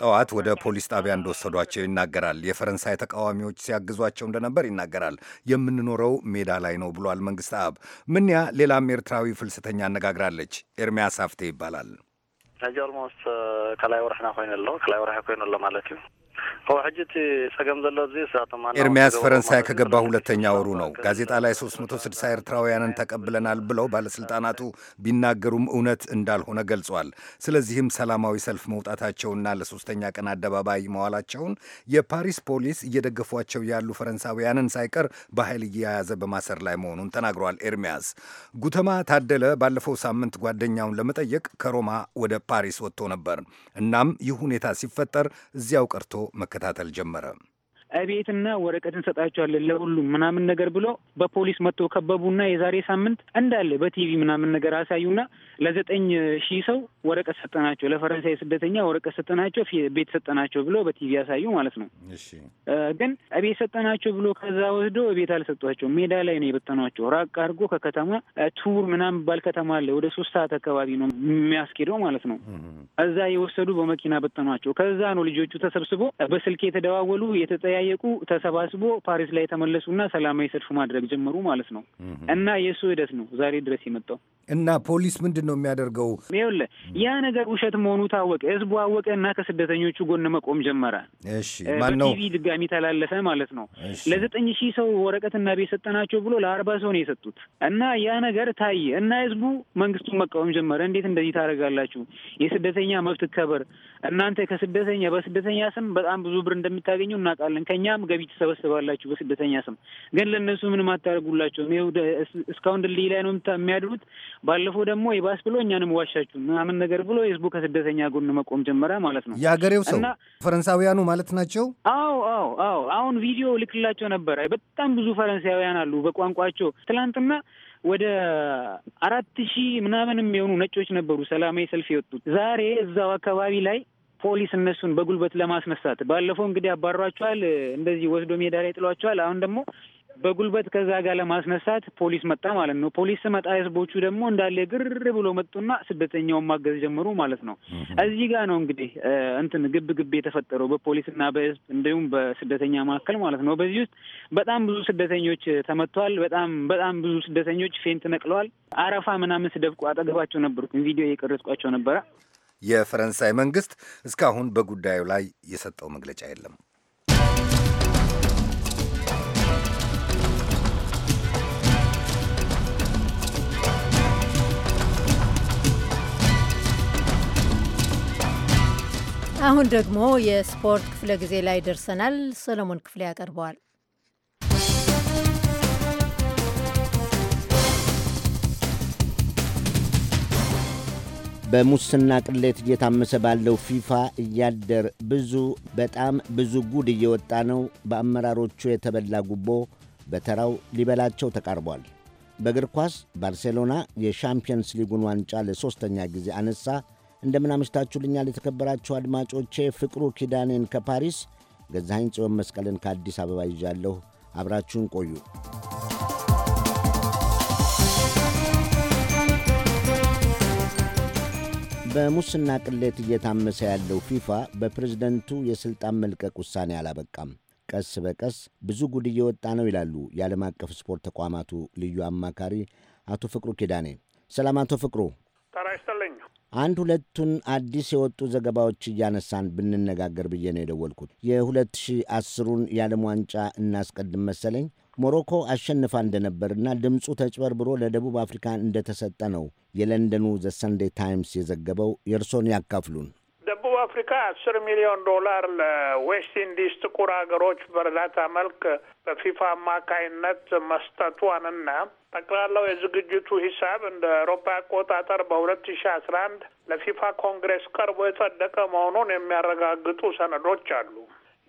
ጠዋት ወደ ፖሊስ ጣቢያ እንደወሰዷቸው ይናገራል። የፈረንሳይ ተቃዋሚዎች ሲያግዟቸው እንደነበር ይናገራል። የምንኖረው ሜዳ ላይ ነው ብሏል መንግስት አብ። ምንያ ሌላም ኤርትራዊ ፍልሰተኛ አነጋግራለች። ኤርሚያስ ሃፍቴ ይባላል። ነጀ ኦልሞስት ከላይ ወርሕና ኮይኑ ኣሎ ከላይ ወርሒ ኮይኑ ኣሎ ማለት እዩ ኤርሚያስ ፈረንሳይ ከገባ ሁለተኛ ወሩ ነው። ጋዜጣ ላይ 360 ኤርትራውያንን ተቀብለናል ብለው ባለሥልጣናቱ ቢናገሩም እውነት እንዳልሆነ ገልጿል። ስለዚህም ሰላማዊ ሰልፍ መውጣታቸውና ለሶስተኛ ቀን አደባባይ መዋላቸውን የፓሪስ ፖሊስ እየደገፏቸው ያሉ ፈረንሳውያንን ሳይቀር በኃይል እየያዘ በማሰር ላይ መሆኑን ተናግሯል። ኤርሚያስ ጉተማ ታደለ ባለፈው ሳምንት ጓደኛውን ለመጠየቅ ከሮማ ወደ ፓሪስ ወጥቶ ነበር። እናም ይህ ሁኔታ ሲፈጠር እዚያው ቀርቶ መከታተል ጀመረ። እቤትና ወረቀት እንሰጣቸዋለን ለሁሉም ምናምን ነገር ብሎ በፖሊስ መጥቶ ከበቡና የዛሬ ሳምንት እንዳለ በቲቪ ምናምን ነገር አሳዩና ለዘጠኝ ሺህ ሰው ወረቀት ሰጠናቸው፣ ለፈረንሳይ ስደተኛ ወረቀት ሰጠናቸው፣ ቤት ሰጠናቸው ብሎ በቲቪ ያሳዩ ማለት ነው። ግን እቤት ሰጠናቸው ብሎ ከዛ ወስዶ ቤት አልሰጧቸው፣ ሜዳ ላይ ነው የበተኗቸው። ራቅ አድርጎ ከከተማ ቱር ምናምን ባል ከተማ አለ ወደ ሶስት ሰዓት አካባቢ ነው የሚያስኬደው ማለት ነው። እዛ የወሰዱ በመኪና በተኗቸው። ከዛ ነው ልጆቹ ተሰብስቦ በስልክ የተደዋወሉ የተጠያ ሲጠያየቁ ተሰባስቦ ፓሪስ ላይ የተመለሱና ሰላማዊ ሰልፍ ማድረግ ጀመሩ ማለት ነው። እና የእሱ ሂደት ነው ዛሬ ድረስ የመጣው። እና ፖሊስ ምንድን ነው የሚያደርገው? ይኸውልህ ያ ነገር ውሸት መሆኑ ታወቀ፣ ህዝቡ አወቀ እና ከስደተኞቹ ጎን መቆም ጀመረ። ቲቪ ድጋሚ ተላለፈ ማለት ነው። ለዘጠኝ ሺህ ሰው ወረቀትና ቤት ሰጠናቸው ብሎ ለአርባ ሰው ነው የሰጡት። እና ያ ነገር ታየ እና ህዝቡ መንግስቱን መቃወም ጀመረ። እንዴት እንደዚህ ታደርጋላችሁ? የስደተኛ መብት ከበር እናንተ ከስደተኛ በስደተኛ ስም በጣም ብዙ ብር እንደሚታገኙ እናውቃለን ከእኛም ገቢ ትሰበስባላችሁ በስደተኛ ስም። ግን ለእነሱ ምንም አታደርጉላቸውም። ይኸው እስካሁን ድልድይ ላይ ነው የሚያድሩት። ባለፈው ደግሞ የባስ ብሎ እኛንም ዋሻችሁ ምናምን ነገር ብሎ ህዝቡ ከስደተኛ ጎን መቆም ጀመረ ማለት ነው። የሀገሬው ሰው ፈረንሳውያኑ ማለት ናቸው። አዎ አዎ አዎ። አሁን ቪዲዮ ልክላቸው ነበረ። በጣም ብዙ ፈረንሳውያን አሉ በቋንቋቸው ትላንትና ወደ አራት ሺህ ምናምንም የሆኑ ነጮች ነበሩ ሰላማዊ ሰልፍ የወጡት። ዛሬ እዛው አካባቢ ላይ ፖሊስ እነሱን በጉልበት ለማስነሳት ባለፈው እንግዲህ አባሯቸዋል፣ እንደዚህ ወስዶ ሜዳ ላይ ጥሏቸዋል። አሁን ደግሞ በጉልበት ከዛ ጋር ለማስነሳት ፖሊስ መጣ ማለት ነው። ፖሊስ መጣ፣ ህዝቦቹ ደግሞ እንዳለ ግር ብሎ መጡና ስደተኛውን ማገዝ ጀምሩ ማለት ነው። እዚህ ጋር ነው እንግዲህ እንትን ግብ ግብ የተፈጠረው በፖሊስና በህዝብ እንዲሁም በስደተኛ መካከል ማለት ነው። በዚህ ውስጥ በጣም ብዙ ስደተኞች ተመትተዋል። በጣም በጣም ብዙ ስደተኞች ፌንት ነቅለዋል። አረፋ ምናምን ስደብቁ አጠገባቸው ነበሩ ቪዲዮ እየቀረጽኳቸው ነበረ። የፈረንሳይ መንግስት እስካሁን በጉዳዩ ላይ የሰጠው መግለጫ የለም። አሁን ደግሞ የስፖርት ክፍለ ጊዜ ላይ ደርሰናል። ሰለሞን ክፍሌ ያቀርበዋል። በሙስና ቅሌት እየታመሰ ባለው ፊፋ እያደር ብዙ በጣም ብዙ ጉድ እየወጣ ነው። በአመራሮቹ የተበላ ጉቦ በተራው ሊበላቸው ተቃርቧል። በእግር ኳስ ባርሴሎና የሻምፒየንስ ሊጉን ዋንጫ ለሦስተኛ ጊዜ አነሳ። እንደምን የተከበራቸው የተከበራችሁ አድማጮቼ። ፍቅሩ ኪዳኔን ከፓሪስ ገዛኸኝ ጽዮን መስቀልን ከአዲስ አበባ ይዣለሁ። አብራችሁን ቆዩ። በሙስና ቅሌት እየታመሰ ያለው ፊፋ በፕሬዝደንቱ የሥልጣን መልቀቅ ውሳኔ አላበቃም። ቀስ በቀስ ብዙ ጉድ እየወጣ ነው ይላሉ የዓለም አቀፍ ስፖርት ተቋማቱ ልዩ አማካሪ አቶ ፍቅሩ ኪዳኔ። ሰላም አቶ ፍቅሩ። ጤና ይስጥልኝ። አንድ ሁለቱን አዲስ የወጡ ዘገባዎች እያነሳን ብንነጋገር ብዬ ነው የደወልኩት። 2010 ን የዓለም ዋንጫ እናስቀድም መሰለኝ ሞሮኮ አሸንፋ እንደነበርና ድምፁ ተጭበርብሮ ለደቡብ አፍሪካ እንደተሰጠ ነው የለንደኑ ዘ ሰንዴ ታይምስ የዘገበው። የእርሶን ያካፍሉን። ደቡብ አፍሪካ አስር ሚሊዮን ዶላር ለዌስት ኢንዲስ ጥቁር ሀገሮች በእርዳታ መልክ በፊፋ አማካይነት መስጠቷንና ጠቅላላው የዝግጅቱ ሂሳብ እንደ አውሮፓ አቆጣጠር በሁለት ሺ አስራ አንድ ለፊፋ ኮንግሬስ ቀርቦ የጸደቀ መሆኑን የሚያረጋግጡ ሰነዶች አሉ።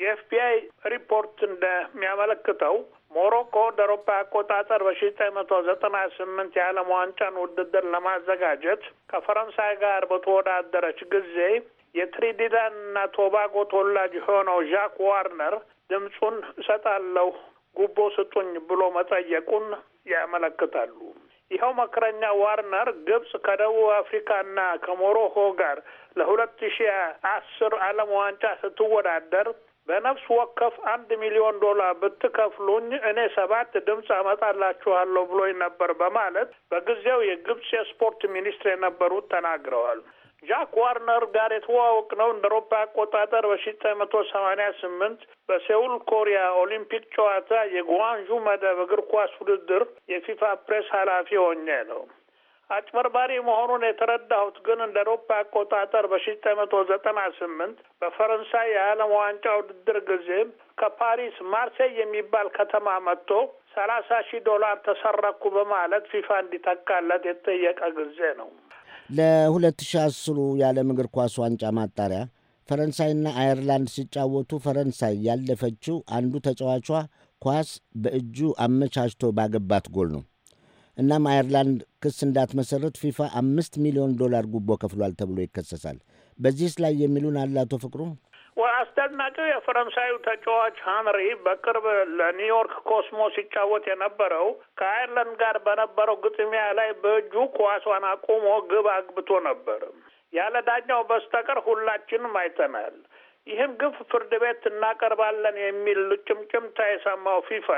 የኤፍቢአይ ሪፖርት እንደሚያመለክተው ሞሮኮ እንደ አውሮፓ አቆጣጠር በሺ ዘጠኝ መቶ ዘጠና ስምንት የዓለም ዋንጫን ውድድር ለማዘጋጀት ከፈረንሳይ ጋር በተወዳደረች ጊዜ የትሪዲዳን ቶባጎ ተወላጅ የሆነው ዣክ ዋርነር ድምፁን እሰጣለሁ ጉቦ ስጡኝ ብሎ መጠየቁን ያመለክታሉ። ይኸው መክረኛ ዋርነር ግብጽ ከደቡብ አፍሪካና ከሞሮኮ ጋር ለሁለት ሺ አስር ዓለም ዋንጫ ስትወዳደር በነፍስ ወከፍ አንድ ሚሊዮን ዶላር ብትከፍሉኝ እኔ ሰባት ድምፅ አመጣላችኋለሁ ብሎኝ ነበር በማለት በጊዜው የግብጽ የስፖርት ሚኒስትር የነበሩት ተናግረዋል። ጃክ ዋርነር ጋር የተዋወቅ ነው እንደ ሮፓ አቆጣጠር በሺ ዘጠኝ መቶ ሰማኒያ ስምንት በሴውል ኮሪያ ኦሊምፒክ ጨዋታ የጓንዡ መደብ እግር ኳስ ውድድር የፊፋ ፕሬስ ኃላፊ ሆኜ ነው። አጭበርባሪ መሆኑን የተረዳሁት ግን እንደ ሮፓ አቆጣጠር በሺ ዘጠኝ መቶ ዘጠና ስምንት በፈረንሳይ የዓለም ዋንጫ ውድድር ጊዜ ከፓሪስ ማርሴይ የሚባል ከተማ መጥቶ ሰላሳ ሺህ ዶላር ተሰረኩ በማለት ፊፋ እንዲተካለት የተጠየቀ ጊዜ ነው። ለ2010 የዓለም እግር ኳስ ዋንጫ ማጣሪያ ፈረንሳይና አየርላንድ ሲጫወቱ ፈረንሳይ ያለፈችው አንዱ ተጫዋቿ ኳስ በእጁ አመቻችቶ ባገባት ጎል ነው። እናም አየርላንድ ክስ እንዳትመሠረት ፊፋ አምስት ሚሊዮን ዶላር ጉቦ ከፍሏል ተብሎ ይከሰሳል። በዚህስ ላይ የሚሉን አለ አቶ ፍቅሩ? አስደናቂው የፈረንሳዩ ተጫዋች ሀንሪ በቅርብ ለኒውዮርክ ኮስሞስ ሲጫወት የነበረው ከአይርላንድ ጋር በነበረው ግጥሚያ ላይ በእጁ ኳሷን አቁሞ ግብ አግብቶ ነበር። ያለ ዳኛው በስተቀር ሁላችንም አይተናል። ይህን ግፍ ፍርድ ቤት እናቀርባለን የሚል ጭምጭምታ የሰማው ፊፋ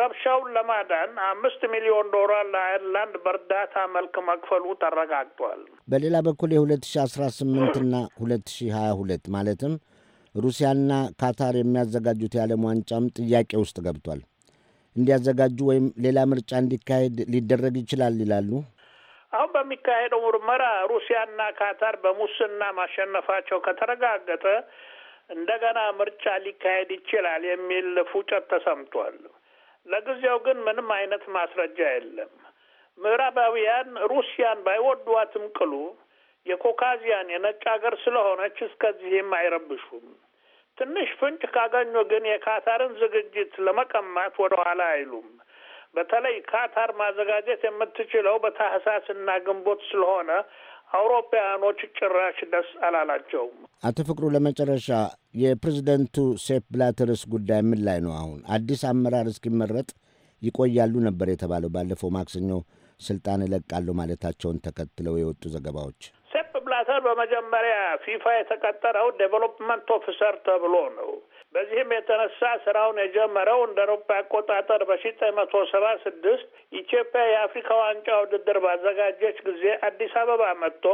ረብሻውን ለማዳን አምስት ሚሊዮን ዶላር ለአይርላንድ በእርዳታ መልክ መክፈሉ ተረጋግጧል። በሌላ በኩል የሁለት ሺ አስራ 2022 ሁለት ሺ ሀያ ሁለት ማለትም ሩሲያና ካታር የሚያዘጋጁት የዓለም ዋንጫም ጥያቄ ውስጥ ገብቷል። እንዲያዘጋጁ ወይም ሌላ ምርጫ እንዲካሄድ ሊደረግ ይችላል ይላሉ። አሁን በሚካሄደው ምርመራ ሩሲያና ካታር በሙስና ማሸነፋቸው ከተረጋገጠ እንደገና ምርጫ ሊካሄድ ይችላል የሚል ፉጨት ተሰምቷል። ለጊዜው ግን ምንም አይነት ማስረጃ የለም። ምዕራባውያን ሩሲያን ባይወዷትም ቅሉ የኮካዚያን የነጭ ሀገር ስለሆነች እስከዚህም አይረብሹም። ትንሽ ፍንጭ ካገኙ ግን የካታርን ዝግጅት ለመቀማት ወደ ኋላ አይሉም። በተለይ ካታር ማዘጋጀት የምትችለው በታህሳስና ግንቦት ስለሆነ አውሮፓውያኖች ጭራሽ ደስ አላላቸውም። አቶ ፍቅሩ፣ ለመጨረሻ የፕሬዚደንቱ ሴፕ ብላተርስ ጉዳይ ምን ላይ ነው? አሁን አዲስ አመራር እስኪመረጥ ይቆያሉ ነበር የተባለው። ባለፈው ማክሰኞ ስልጣን እለቃለሁ ማለታቸውን ተከትለው የወጡ ዘገባዎች ብላተር በመጀመሪያ ፊፋ የተቀጠረው ዴቨሎፕመንት ኦፊሰር ተብሎ ነው። በዚህም የተነሳ ስራውን የጀመረው እንደ አውሮፓ አቆጣጠር በሺ ዘጠኝ መቶ ሰባ ስድስት ኢትዮጵያ የአፍሪካ ዋንጫ ውድድር ባዘጋጀች ጊዜ አዲስ አበባ መጥቶ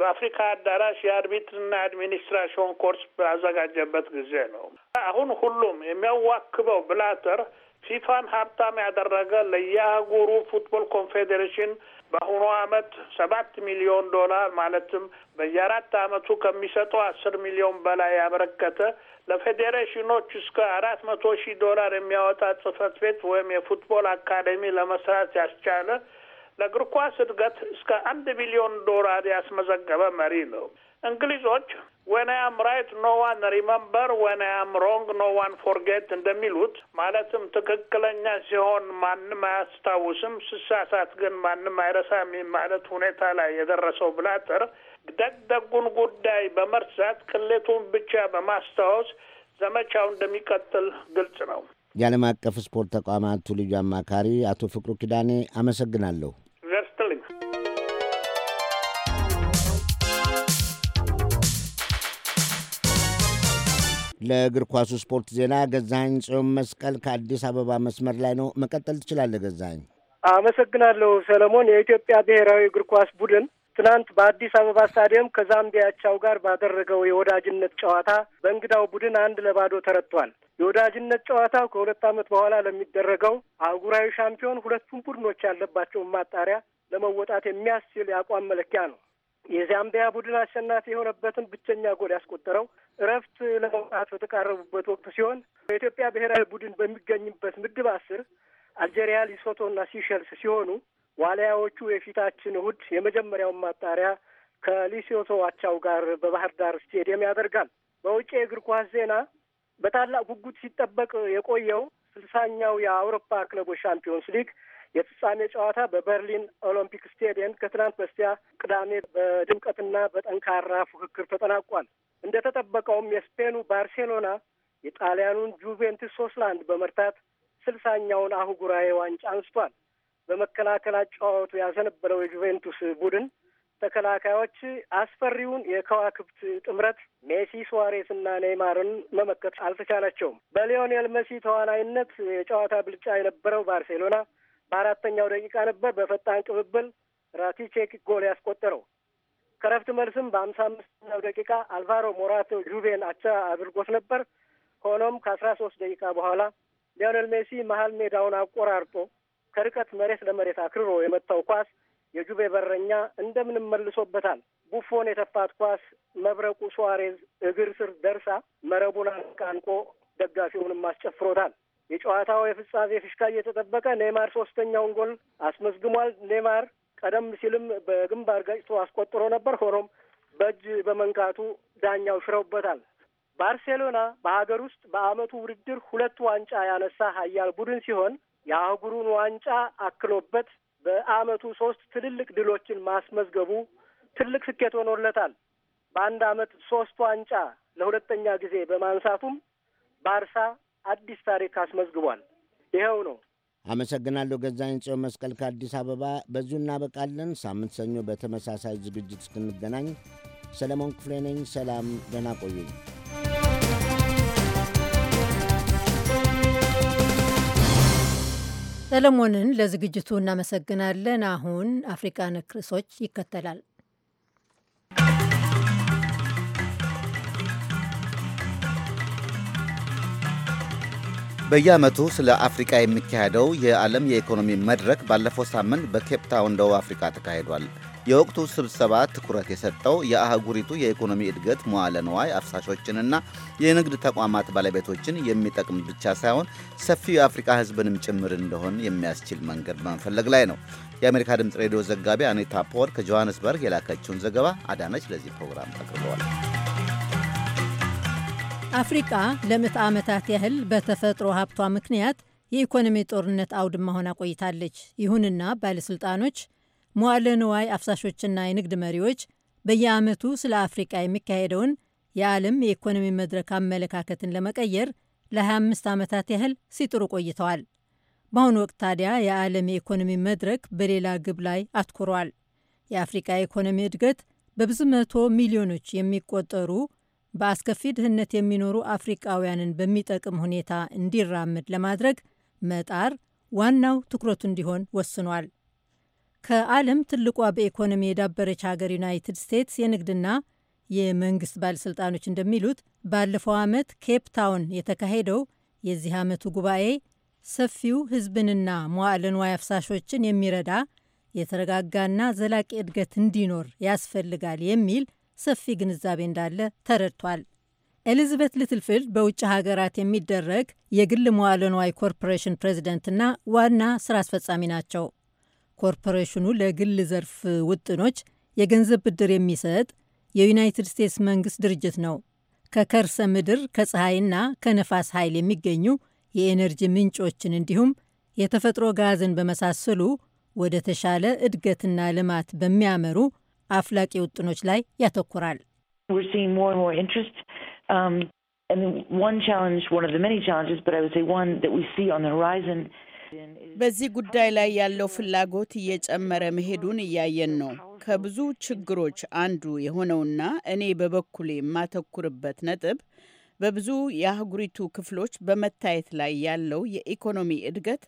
በአፍሪካ አዳራሽ የአርቢትርና አድሚኒስትራሽን ኮርስ ባዘጋጀበት ጊዜ ነው። አሁን ሁሉም የሚያዋክበው ብላተር ፊፋን ሀብታም ያደረገ ለየአህጉሩ ፉትቦል ኮንፌዴሬሽን በአሁኑ አመት ሰባት ሚሊዮን ዶላር ማለትም በየአራት አመቱ ከሚሰጠው አስር ሚሊዮን በላይ ያበረከተ ለፌዴሬሽኖች እስከ አራት መቶ ሺህ ዶላር የሚያወጣ ጽህፈት ቤት ወይም የፉትቦል አካዴሚ ለመስራት ያስቻለ ለእግር ኳስ እድገት እስከ አንድ ቢሊዮን ዶላር ያስመዘገበ መሪ ነው። እንግሊዞች ወን አይ አም ራይት ኖ ዋን ሪመምበር ወን አይ አም ሮንግ ኖ ዋን ፎርጌት እንደሚሉት ማለትም ትክክለኛ ሲሆን ማንም አያስታውስም፣ ስሳሳት ግን ማንም አይረሳም ማለት ሁኔታ ላይ የደረሰው ብላተር ደግደጉን ጉዳይ በመርሳት ቅሌቱን ብቻ በማስታወስ ዘመቻው እንደሚቀጥል ግልጽ ነው። የዓለም አቀፍ ስፖርት ተቋማቱ ልዩ አማካሪ አቶ ፍቅሩ ኪዳኔ አመሰግናለሁ። ለእግር ኳሱ ስፖርት ዜና ገዛኸኝ ጽዮን መስቀል ከአዲስ አበባ መስመር ላይ ነው። መቀጠል ትችላለህ ገዛኸኝ። አመሰግናለሁ ሰለሞን። የኢትዮጵያ ብሔራዊ እግር ኳስ ቡድን ትናንት በአዲስ አበባ ስታዲየም ከዛምቢያ አቻው ጋር ባደረገው የወዳጅነት ጨዋታ በእንግዳው ቡድን አንድ ለባዶ ተረቷል። የወዳጅነት ጨዋታው ከሁለት ዓመት በኋላ ለሚደረገው አህጉራዊ ሻምፒዮን ሁለቱም ቡድኖች ያለባቸውን ማጣሪያ ለመወጣት የሚያስችል የአቋም መለኪያ ነው። የዛምቢያ ቡድን አሸናፊ የሆነበትን ብቸኛ ጎል ያስቆጠረው እረፍት ለመውጣት በተቃረቡበት ወቅት ሲሆን በኢትዮጵያ ብሔራዊ ቡድን በሚገኝበት ምድብ አስር አልጄሪያ፣ ሊሶቶና ሲሸልስ ሲሆኑ ዋልያዎቹ የፊታችን እሁድ የመጀመሪያውን ማጣሪያ ከሊሶቶ አቻው ጋር በባህር ዳር ስቴዲየም ያደርጋል። በውጭ የእግር ኳስ ዜና በታላቅ ጉጉት ሲጠበቅ የቆየው ስልሳኛው የአውሮፓ ክለቦች ሻምፒዮንስ ሊግ የፍጻሜ ጨዋታ በበርሊን ኦሎምፒክ ስቴዲየም ከትናንት በስቲያ ቅዳሜ በድምቀትና በጠንካራ ፉክክር ተጠናቋል። እንደተጠበቀውም የስፔኑ ባርሴሎና የጣሊያኑን ጁቬንቱስ ሶስት ለአንድ በመርታት ስልሳኛውን አህጉራዊ ዋንጫ አንስቷል። በመከላከል አጨዋወቱ ያዘነበለው የጁቬንቱስ ቡድን ተከላካዮች አስፈሪውን የከዋክብት ጥምረት ሜሲ፣ ሱዋሬስ እና ኔይማርን መመከት አልተቻላቸውም። በሊዮኔል መሲ ተዋናይነት የጨዋታ ብልጫ የነበረው ባርሴሎና በአራተኛው ደቂቃ ነበር በፈጣን ቅብብል ራቲቼክ ጎል ያስቆጠረው። ከረፍት መልስም በአምሳ አምስተኛው ደቂቃ አልቫሮ ሞራቶ ጁቬን አቻ አድርጎት ነበር። ሆኖም ከአስራ ሶስት ደቂቃ በኋላ ሊዮኔል ሜሲ መሀል ሜዳውን አቆራርጦ ከርቀት መሬት ለመሬት አክርሮ የመታው ኳስ የጁቬ በረኛ እንደምንም መልሶበታል። ቡፎን የተፋት ኳስ መብረቁ ሱዋሬዝ እግር ስር ደርሳ መረቡን አንቃንቆ ደጋፊውንም አስጨፍሮታል። የጨዋታው የፍጻሜ ፍሽካ እየተጠበቀ ኔይማር ሶስተኛውን ጎል አስመዝግሟል። ኔይማር ቀደም ሲልም በግንባር ገጭቶ አስቆጥሮ ነበር። ሆኖም በእጅ በመንካቱ ዳኛው ሽረውበታል። ባርሴሎና በሀገር ውስጥ በአመቱ ውድድር ሁለት ዋንጫ ያነሳ ሀያል ቡድን ሲሆን የአህጉሩን ዋንጫ አክሎበት በአመቱ ሶስት ትልልቅ ድሎችን ማስመዝገቡ ትልቅ ስኬት ሆኖለታል። በአንድ አመት ሶስት ዋንጫ ለሁለተኛ ጊዜ በማንሳቱም ባርሳ አዲስ ታሪክ አስመዝግቧል። ይኸው ነው። አመሰግናለሁ። ገዛኸኝ ጽዮን መስቀል ከአዲስ አበባ። በዚሁ እናበቃለን። ሳምንት ሰኞ በተመሳሳይ ዝግጅት እስክንገናኝ ሰለሞን ክፍሌ ነኝ። ሰላም፣ ደህና ቆዩኝ። ሰለሞንን ለዝግጅቱ እናመሰግናለን። አሁን አፍሪካ ነክ ርዕሶች ይከተላል። በየዓመቱ ስለ አፍሪቃ የሚካሄደው የዓለም የኢኮኖሚ መድረክ ባለፈው ሳምንት በኬፕታውን ደቡብ አፍሪካ ተካሂዷል። የወቅቱ ስብሰባ ትኩረት የሰጠው የአህጉሪቱ የኢኮኖሚ እድገት መዋለ ነዋይ አፍሳሾችንና የንግድ ተቋማት ባለቤቶችን የሚጠቅም ብቻ ሳይሆን ሰፊው የአፍሪካ ሕዝብንም ጭምር እንደሆን የሚያስችል መንገድ በመፈለግ ላይ ነው። የአሜሪካ ድምፅ ሬዲዮ ዘጋቢ አኔታ ፖል ከጆሃንስበርግ የላከችውን ዘገባ አዳነች ለዚህ ፕሮግራም አቅርበዋል። አፍሪቃ ለምት ዓመታት ያህል በተፈጥሮ ሀብቷ ምክንያት የኢኮኖሚ ጦርነት አውድማ ሆና ቆይታለች። ይሁንና ባለሥልጣኖች፣ መዋለ ንዋይ አፍሳሾችና የንግድ መሪዎች በየዓመቱ ስለ አፍሪቃ የሚካሄደውን የዓለም የኢኮኖሚ መድረክ አመለካከትን ለመቀየር ለ25 ዓመታት ያህል ሲጥሩ ቆይተዋል። በአሁኑ ወቅት ታዲያ የዓለም የኢኮኖሚ መድረክ በሌላ ግብ ላይ አትኩሯል። የአፍሪቃ የኢኮኖሚ እድገት በብዙ መቶ ሚሊዮኖች የሚቆጠሩ በአስከፊ ድህነት የሚኖሩ አፍሪቃውያንን በሚጠቅም ሁኔታ እንዲራምድ ለማድረግ መጣር ዋናው ትኩረቱ እንዲሆን ወስኗል። ከዓለም ትልቋ በኢኮኖሚ የዳበረች ሀገር ዩናይትድ ስቴትስ የንግድና የመንግስት ባለሥልጣኖች እንደሚሉት ባለፈው ዓመት ኬፕ ታውን የተካሄደው የዚህ ዓመቱ ጉባኤ ሰፊው ሕዝብንና መዋዕለ ንዋይ አፍሳሾችን የሚረዳ የተረጋጋና ዘላቂ እድገት እንዲኖር ያስፈልጋል የሚል ሰፊ ግንዛቤ እንዳለ ተረድቷል። ኤሊዝቤት ሊትልፊልድ በውጭ ሀገራት የሚደረግ የግል መዋለ ንዋይ ኮርፖሬሽን ፕሬዚደንትና ዋና ስራ አስፈጻሚ ናቸው። ኮርፖሬሽኑ ለግል ዘርፍ ውጥኖች የገንዘብ ብድር የሚሰጥ የዩናይትድ ስቴትስ መንግስት ድርጅት ነው። ከከርሰ ምድር ከፀሐይና ከነፋስ ኃይል የሚገኙ የኤነርጂ ምንጮችን እንዲሁም የተፈጥሮ ጋዝን በመሳሰሉ ወደ ተሻለ እድገትና ልማት በሚያመሩ አፍላቂ ውጥኖች ላይ ያተኩራል። um, በዚህ ጉዳይ ላይ ያለው ፍላጎት እየጨመረ መሄዱን እያየን ነው። ከብዙ ችግሮች አንዱ የሆነውና እኔ በበኩሌ የማተኩርበት ነጥብ በብዙ የአህጉሪቱ ክፍሎች በመታየት ላይ ያለው የኢኮኖሚ እድገት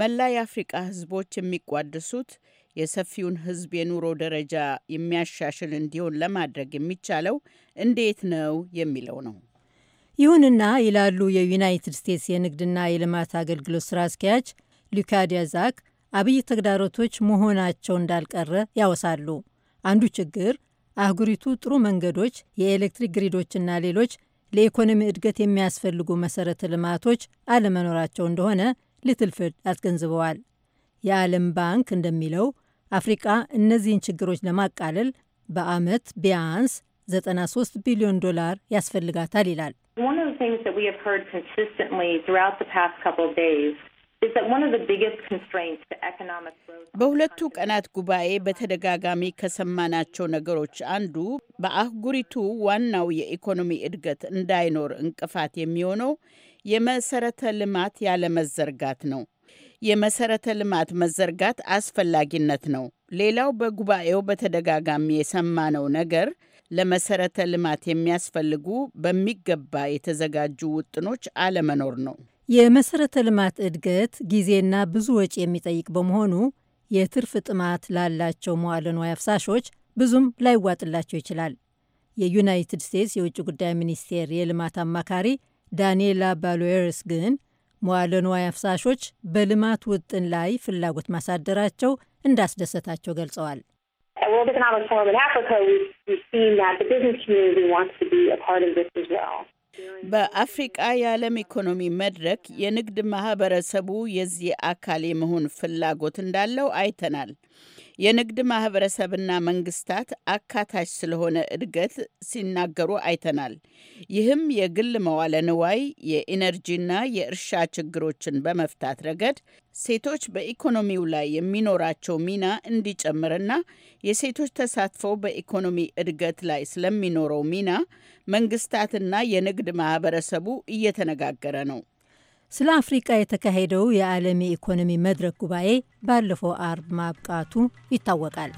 መላ የአፍሪቃ ሕዝቦች የሚቋደሱት የሰፊውን ሕዝብ የኑሮ ደረጃ የሚያሻሽል እንዲሆን ለማድረግ የሚቻለው እንዴት ነው የሚለው ነው። ይሁንና ይላሉ የዩናይትድ ስቴትስ የንግድና የልማት አገልግሎት ስራ አስኪያጅ ሉካዲያ ዛክ፣ አብይ ተግዳሮቶች መሆናቸው እንዳልቀረ ያወሳሉ። አንዱ ችግር አህጉሪቱ ጥሩ መንገዶች፣ የኤሌክትሪክ ግሪዶችና ሌሎች ለኢኮኖሚ እድገት የሚያስፈልጉ መሰረተ ልማቶች አለመኖራቸው እንደሆነ ሊትልፍድ አስገንዝበዋል። የዓለም ባንክ እንደሚለው አፍሪቃ እነዚህን ችግሮች ለማቃለል በአመት ቢያንስ 93 ቢሊዮን ዶላር ያስፈልጋታል ይላል። በሁለቱ ቀናት ጉባኤ በተደጋጋሚ ከሰማናቸው ነገሮች አንዱ በአህጉሪቱ ዋናው የኢኮኖሚ እድገት እንዳይኖር እንቅፋት የሚሆነው የመሰረተ ልማት ያለመዘርጋት ነው። የመሰረተ ልማት መዘርጋት አስፈላጊነት ነው። ሌላው በጉባኤው በተደጋጋሚ የሰማነው ነገር ለመሰረተ ልማት የሚያስፈልጉ በሚገባ የተዘጋጁ ውጥኖች አለመኖር ነው። የመሰረተ ልማት እድገት ጊዜና ብዙ ወጪ የሚጠይቅ በመሆኑ የትርፍ ጥማት ላላቸው መዋለ ንዋይ አፍሳሾች ብዙም ላይዋጥላቸው ይችላል። የዩናይትድ ስቴትስ የውጭ ጉዳይ ሚኒስቴር የልማት አማካሪ ዳንኤላ ባሉዌርስ ግን መዋለ ንዋይ አፍሳሾች በልማት ውጥን ላይ ፍላጎት ማሳደራቸው እንዳስደሰታቸው ገልጸዋል። በአፍሪቃ የዓለም ኢኮኖሚ መድረክ የንግድ ማህበረሰቡ የዚህ አካል የመሆን ፍላጎት እንዳለው አይተናል። የንግድ ማህበረሰብና መንግስታት አካታች ስለሆነ እድገት ሲናገሩ አይተናል። ይህም የግል መዋለ ንዋይ የኢነርጂና የእርሻ ችግሮችን በመፍታት ረገድ ሴቶች በኢኮኖሚው ላይ የሚኖራቸው ሚና እንዲጨምርና የሴቶች ተሳትፎ በኢኮኖሚ እድገት ላይ ስለሚኖረው ሚና መንግስታትና የንግድ ማህበረሰቡ እየተነጋገረ ነው። ስለ አፍሪቃ የተካሄደው የዓለም የኢኮኖሚ መድረክ ጉባኤ ባለፈው አርብ ማብቃቱ ይታወቃል።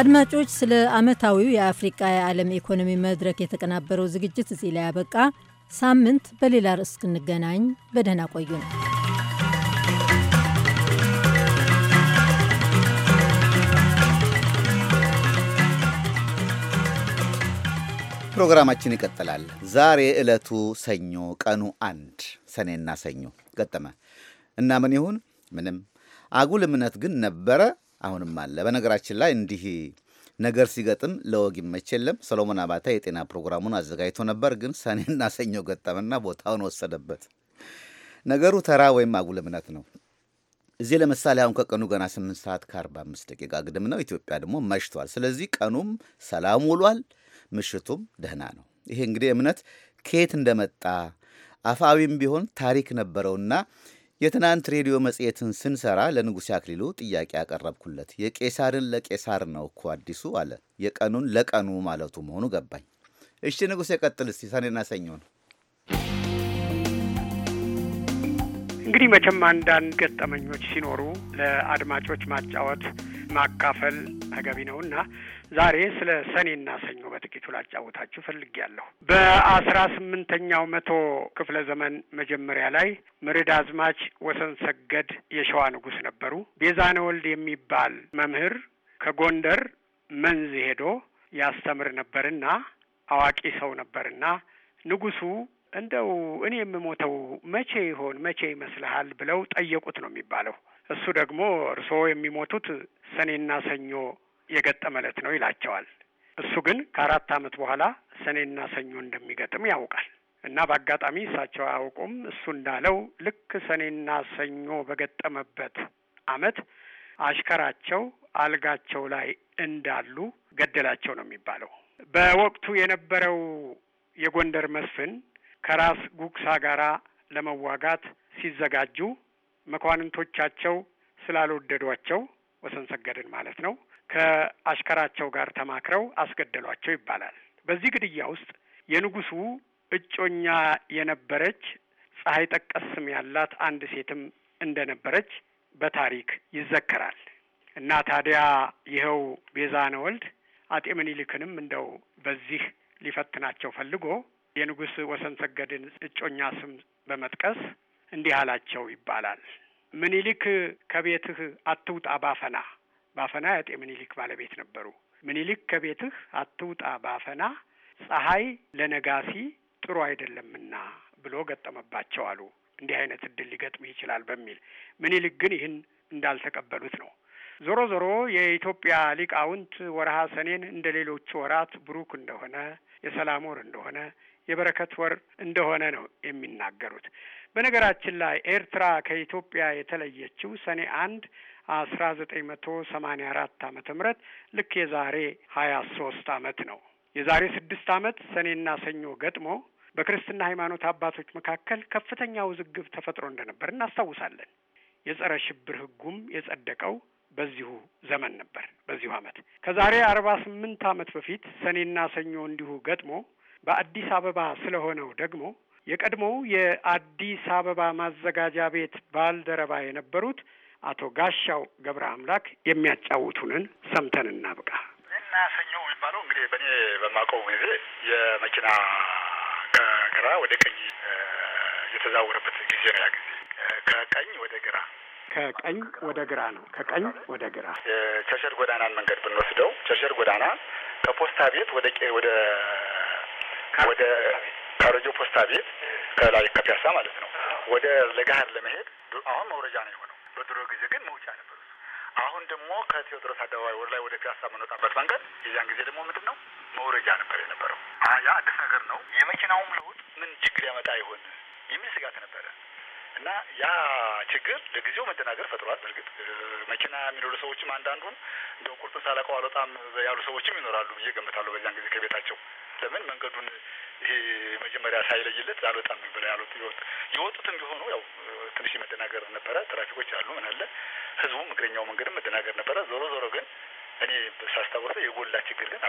አድማጮች፣ ስለ ዓመታዊው የአፍሪቃ የዓለም ኢኮኖሚ መድረክ የተቀናበረው ዝግጅት እዚህ ላይ ያበቃ። ሳምንት በሌላ ርዕስ እስክንገናኝ በደህና ቆዩ ነው። ፕሮግራማችን ይቀጥላል። ዛሬ ዕለቱ ሰኞ፣ ቀኑ አንድ ሰኔና ሰኞ ገጠመ እና ምን ይሁን ምንም አጉል እምነት ግን ነበረ፣ አሁንም አለ። በነገራችን ላይ እንዲህ ነገር ሲገጥም ለወግ ይመች የለም። ሰሎሞን አባታ የጤና ፕሮግራሙን አዘጋጅቶ ነበር፣ ግን ሰኔና ሰኞ ገጠመና ቦታውን ወሰደበት። ነገሩ ተራ ወይም አጉል እምነት ነው። እዚህ ለምሳሌ አሁን ከቀኑ ገና 8 ሰዓት ከ45 ደቂቃ ግድም ነው። ኢትዮጵያ ደግሞ መሽቷል። ስለዚህ ቀኑም ሰላም ውሏል። ምሽቱም ደህና ነው። ይሄ እንግዲህ እምነት ከየት እንደመጣ አፋዊም ቢሆን ታሪክ ነበረውና የትናንት ሬዲዮ መጽሔትን ስንሰራ ለንጉሴ አክሊሉ ጥያቄ ያቀረብኩለት የቄሳርን ለቄሳር ነው እኮ አዲሱ አለ። የቀኑን ለቀኑ ማለቱ መሆኑ ገባኝ። እሺ ንጉሴ ቀጥል እስቲ። ሰኔና ሰኞ ነው እንግዲህ መቼም አንዳንድ ገጠመኞች ሲኖሩ ለአድማጮች ማጫወት ማካፈል ተገቢ ነውና ዛሬ ስለ ሰኔና ሰኞ በጥቂቱ ላጫወታችሁ ፈልጌያለሁ። በአስራ ስምንተኛው መቶ ክፍለ ዘመን መጀመሪያ ላይ ምርድ አዝማች ወሰን ሰገድ የሸዋ ንጉሥ ነበሩ። ቤዛነ ወልድ የሚባል መምህር ከጎንደር መንዝ ሄዶ ያስተምር ነበርና አዋቂ ሰው ነበርና ንጉሱ እንደው እኔ የምሞተው መቼ ይሆን መቼ ይመስልሃል ብለው ጠየቁት ነው የሚባለው። እሱ ደግሞ እርስዎ የሚሞቱት ሰኔና ሰኞ የገጠመ ዕለት ነው ይላቸዋል። እሱ ግን ከአራት ዓመት በኋላ ሰኔና ሰኞ እንደሚገጥም ያውቃል እና በአጋጣሚ እሳቸው አያውቁም። እሱ እንዳለው ልክ ሰኔና ሰኞ በገጠመበት ዓመት አሽከራቸው አልጋቸው ላይ እንዳሉ ገደላቸው ነው የሚባለው። በወቅቱ የነበረው የጎንደር መስፍን ከራስ ጉግሳ ጋራ ለመዋጋት ሲዘጋጁ መኳንንቶቻቸው ስላልወደዷቸው ወሰን ሰገድን ማለት ነው ከአሽከራቸው ጋር ተማክረው አስገደሏቸው ይባላል። በዚህ ግድያ ውስጥ የንጉሱ እጮኛ የነበረች ፀሐይ ጠቀስ ስም ያላት አንድ ሴትም እንደነበረች በታሪክ ይዘከራል። እና ታዲያ ይኸው ቤዛነ ወልድ አጤ ምኒልክንም እንደው በዚህ ሊፈትናቸው ፈልጎ የንጉስ ወሰን ሰገድን እጮኛ ስም በመጥቀስ እንዲህ አላቸው ይባላል። ምኒልክ ከቤትህ አትውጣ ባፈና ባፈና ያጤ ምኒልክ ባለቤት ነበሩ። ምኒልክ ከቤትህ አትውጣ ባፈና ፀሐይ ለነጋሲ ጥሩ አይደለምና ብሎ ገጠመባቸው አሉ። እንዲህ አይነት እድል ሊገጥም ይችላል በሚል ምኒልክ ግን ይህን እንዳልተቀበሉት ነው። ዞሮ ዞሮ የኢትዮጵያ ሊቃውንት ወርሃ ሰኔን እንደ ሌሎቹ ወራት ብሩክ እንደሆነ፣ የሰላም ወር እንደሆነ፣ የበረከት ወር እንደሆነ ነው የሚናገሩት። በነገራችን ላይ ኤርትራ ከኢትዮጵያ የተለየችው ሰኔ አንድ አስራ ዘጠኝ መቶ ሰማኒያ አራት አመተ ምህረት ልክ የዛሬ ሀያ ሶስት አመት ነው። የዛሬ ስድስት አመት ሰኔና ሰኞ ገጥሞ በክርስትና ሃይማኖት አባቶች መካከል ከፍተኛ ውዝግብ ተፈጥሮ እንደነበር እናስታውሳለን። የጸረ ሽብር ህጉም የጸደቀው በዚሁ ዘመን ነበር፣ በዚሁ አመት ከዛሬ አርባ ስምንት ዓመት በፊት ሰኔና ሰኞ እንዲሁ ገጥሞ በአዲስ አበባ ስለሆነው ደግሞ የቀድሞው የአዲስ አበባ ማዘጋጃ ቤት ባልደረባ የነበሩት አቶ ጋሻው ገብረ አምላክ የሚያጫውቱንን ሰምተን እናብቃ። እና ሰኞ የሚባለው እንግዲህ በእኔ በማውቀው ጊዜ የመኪና ከግራ ወደ ቀኝ የተዛወረበት ጊዜ ነው። ያ ጊዜ ከቀኝ ወደ ግራ ከቀኝ ወደ ግራ ነው። ከቀኝ ወደ ግራ ቸርቸር ጎዳናን መንገድ ብንወስደው ቸርቸር ጎዳና ከፖስታ ቤት ወደ ወደ ወደ ካረጆ ፖስታ ቤት ከላይ ከፒያሳ ማለት ነው ወደ ለጋህር ለመሄድ አሁን መውረጃ ነው የሆነው በድሮ ጊዜ ግን መውጫ ነበር። አሁን ደግሞ ከቴዎድሮስ አደባባይ ወደ ላይ ወደ ፒያሳ የምንወጣበት መንገድ የዚያን ጊዜ ደግሞ ምንድን ነው መውረጃ ነበር የነበረው። ያ አዲስ ነገር ነው። የመኪናውም ለውጥ ምን ችግር ያመጣ ይሆን የሚል ስጋት ነበረ። እና ያ ችግር ለጊዜው መደናገር ፈጥሯል። እርግጥ መኪና የሚኖሩ ሰዎችም አንዳንዱን እንደው ቁርጥ ሳላውቀው አልወጣም ያሉ ሰዎችም ይኖራሉ ብዬ ገምታለሁ። በዚያን ጊዜ ከቤታቸው ለምን መንገዱን ይሄ መጀመሪያ ሳይለይለት አልወጣም ብለ ያሉት የወጡትም ቢሆኑ ያው ትንሽ መደናገር ነበረ። ትራፊኮች አሉ ምን አለ ህዝቡም እግረኛው መንገድም መደናገር ነበረ። ዞሮ ዞሮ ግን እኔ ሳስታውሰው የጎላ ችግር ግን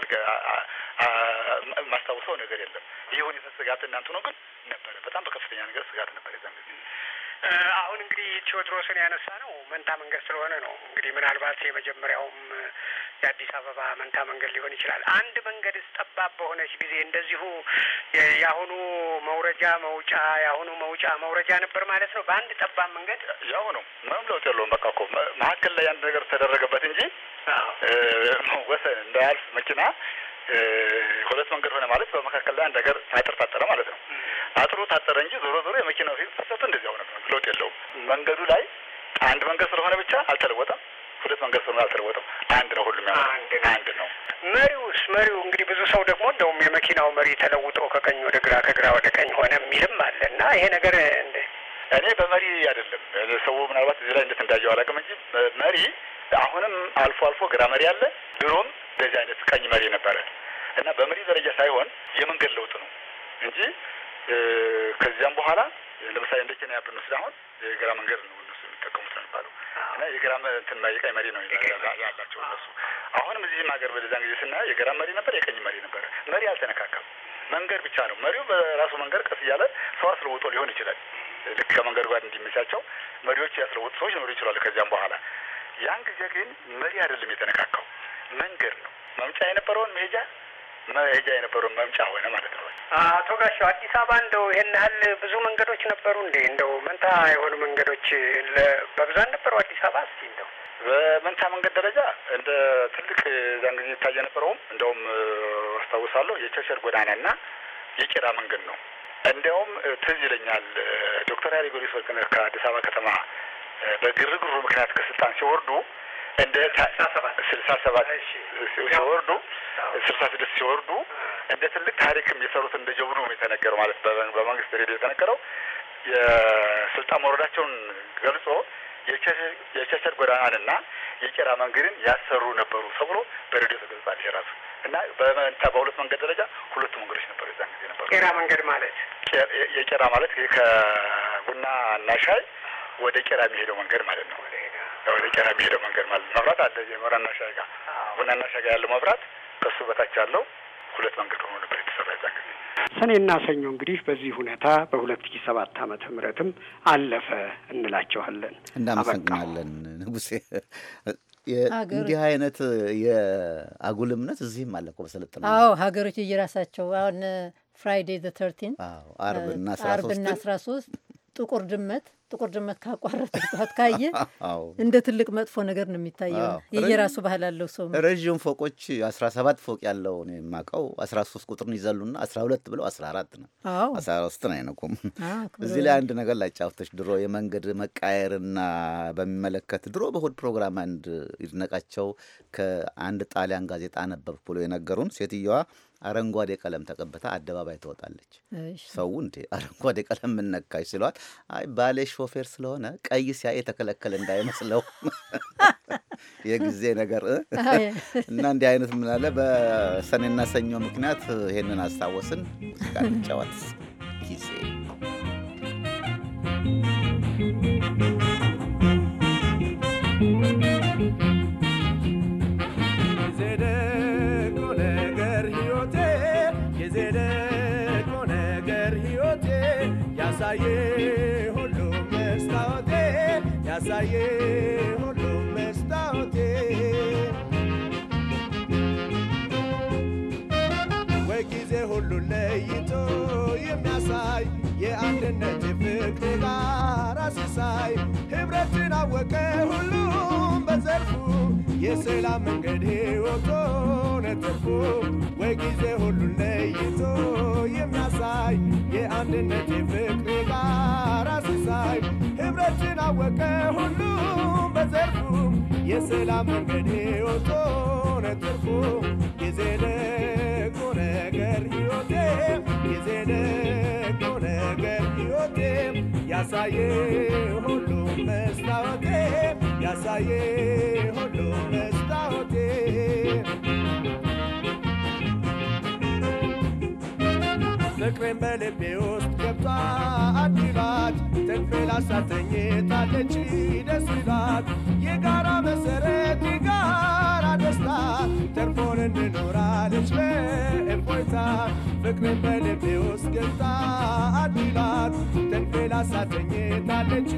ማስታውሰው ነገር የለም። ይህ ሁኔታ ስጋት እናንተ ነው ግን ነበረ። በጣም በከፍተኛ ነገር ስጋት ነበር የዛን ጊዜ። አሁን እንግዲህ ቴዎድሮስን ያነሳ ነው መንታ መንገድ ስለሆነ ነው። እንግዲህ ምናልባት የመጀመሪያውም የአዲስ አበባ መንታ መንገድ ሊሆን ይችላል። አንድ መንገድስ ጠባብ በሆነች ጊዜ እንደዚሁ የአሁኑ መውረጃ መውጫ፣ የአሁኑ መውጫ መውረጃ ነበር ማለት ነው። በአንድ ጠባብ መንገድ ያው ነው። ምንም ለውጥ የለውም። በቃ እኮ መካከል ላይ አንድ ነገር ተደረገበት እንጂ ወሰን እንዳያልፍ መኪና ሁለት መንገድ ሆነ ማለት በመካከል ላይ አንድ ነገር አጥር ታጠረ ማለት ነው። አጥሩ ታጠረ እንጂ ዞሮ ዞሮ የመኪናው ፍሰቱ እንደዚያው ነበር። ለውጥ የለውም። መንገዱ ላይ አንድ መንገድ ስለሆነ ብቻ አልተለወጠም። ሁለት መንገድ ሰው አልተለወጠም። አንድ ነው። ሁሉም ያ አንድ ነው። መሪውስ መሪው እንግዲህ ብዙ ሰው ደግሞ እንደውም የመኪናው መሪ ተለውጦ ከቀኝ ወደ ግራ ከግራ ወደ ቀኝ ሆነ የሚልም አለ እና ይሄ ነገር እኔ በመሪ አይደለም ሰው ምናልባት እዚህ ላይ እንዴት እንዳየው አላውቅም እንጂ መሪ አሁንም አልፎ አልፎ ግራ መሪ አለ። ድሮም እንደዚህ አይነት ቀኝ መሪ ነበረ እና በመሪ ደረጃ ሳይሆን የመንገድ ለውጥ ነው እንጂ ከዚያም በኋላ ለምሳሌ እንደ ኬንያ ብንወስድ አሁን የግራ መንገድ ነው እና የግራም እንትና የቀኝ መሪ ነው ያላቸው እነሱ። አሁንም እዚህም ሀገር በዛን ጊዜ ስናየው የግራም መሪ ነበር፣ የቀኝ መሪ ነበር። መሪ አልተነካካም፣ መንገድ ብቻ ነው። መሪው በራሱ መንገድ ቀስ እያለ ሰው አስለውጦ ሊሆን ይችላል። ልክ ከመንገድ ጋር እንዲመቻቸው መሪዎች ያስለውጡ ሰዎች ኖሩ ይችላሉ። ከዚያም በኋላ ያን ጊዜ ግን መሪ አይደለም የተነካካው፣ መንገድ ነው መምጫ የነበረውን መሄጃ መሄጃ የነበረውን መምጫ ሆነ ማለት ነው። አቶ ጋሻው አዲስ አበባ እንደው ይህን ያህል ብዙ መንገዶች ነበሩ እንዴ? እንደው መንታ የሆኑ መንገዶች በብዛት ነበሩ አዲስ አበባ? እስቲ እንደው በመንታ መንገድ ደረጃ እንደ ትልቅ ዛን ጊዜ ይታይ የነበረውም እንደውም አስታውሳለሁ የቸሸር ጎዳናና የቄራ መንገድ ነው። እንዲያውም ትዝ ይለኛል ዶክተር ያሪጎሪስ ከአዲስ አበባ ከተማ በግርግሩ ምክንያት ከስልጣን ሲወርዱ እንደ ስልሳ ሰባት ሲወርዱ ስልሳ ስድስት ሲወርዱ እንደ ትልቅ ታሪክም የሰሩት እንደ ጀብዱ የተነገረው ማለት በመንግስት ሬዲዮ የተነገረው የስልጣን መውረዳቸውን ገልጾ ጎዳናን ጎዳናንና የቄራ መንገድን ያሰሩ ነበሩ ተብሎ በሬዲዮ ተገልጿል። የራሱ እና በመንታ በሁለት መንገድ ደረጃ ሁለቱ መንገዶች ነበሩ የዛን ጊዜ ነበሩ። ቄራ መንገድ ማለት የቄራ ማለት ከቡና እና ሻይ ወደ ቄራ የሚሄደው መንገድ ማለት ነው። ወደ ቄራ የሚሄደው መንገድ ማለት መብራት አለ። ቡናና ሻጋ ቡናና ሻጋ ያለው መብራት ከሱ በታች አለው። ሁለት መንገድ ሆኖ ነበር የተሰራ ዛ ጊዜ። ሰኔና ሰኞ እንግዲህ በዚህ ሁኔታ በሁለት ሺ ሰባት ዓመተ ምህረትም አለፈ እንላቸዋለን። እናመሰግናለን ንጉሴ። እንዲህ አይነት የአጉል እምነት እዚህም አለ እኮ በሰለጠነ አዎ ሀገሮች እየራሳቸው አሁን ፍራይዴ ዘ ተርቲን አርብና አስራ ሶስት ጥቁር ድመት ጥቁር ድመት ካቋረጠ ጧት ካየ እንደ ትልቅ መጥፎ ነገር ነው የሚታየው። የየራሱ ባህል አለው ሰው። ረዥም ፎቆች አስራ ሰባት ፎቅ ያለው ነው የማውቀው። አስራ ሶስት ቁጥርን ይዘሉና አስራ ሁለት ብለው አስራ አራት ነው አስራ ሶስት ነው አይነቁም። እዚህ ላይ አንድ ነገር ላጫውተሽ። ድሮ የመንገድ መቃየርና በሚመለከት ድሮ በእሑድ ፕሮግራም አንድ ይድነቃቸው ከአንድ ጣሊያን ጋዜጣ ነበብ ብሎ የነገሩን ሴትየዋ አረንጓዴ ቀለም ተቀብታ አደባባይ ትወጣለች። ሰው እንዴ አረንጓዴ ቀለም ምነካሽ ሲለዋል፣ አይ ባሌ ሾፌር ስለሆነ ቀይ ሲያይ የተከለከለ እንዳይመስለው የጊዜ ነገር እና እንዲህ አይነት ምናለ በሰኔና ሰኞ ምክንያት ይሄንን አስታወስን። ጋር ቃ ጊዜ Thank you. ሌላ መንገድ ወቶ ወይ ጊዜ ሁሉን ለይቶ የሚያሳይ የአንድነት የፍቅር ጋራ ሲሳይ ኅብረትን አወቀ ሁሉም በዘርፉ የሰላም መንገድ ወቶ ነተርፎ ጊዜ ደጎ ነገር ሕይወቴ ጊዜ ደጎ ነገር ሕይወቴ ያሳየ ሁሉም መስታወቴ ያሳየ ሁሉም ፍቅርን በልቤ ውስጥ ገልጣ አድላት ደንፌ ላሳተኝታለች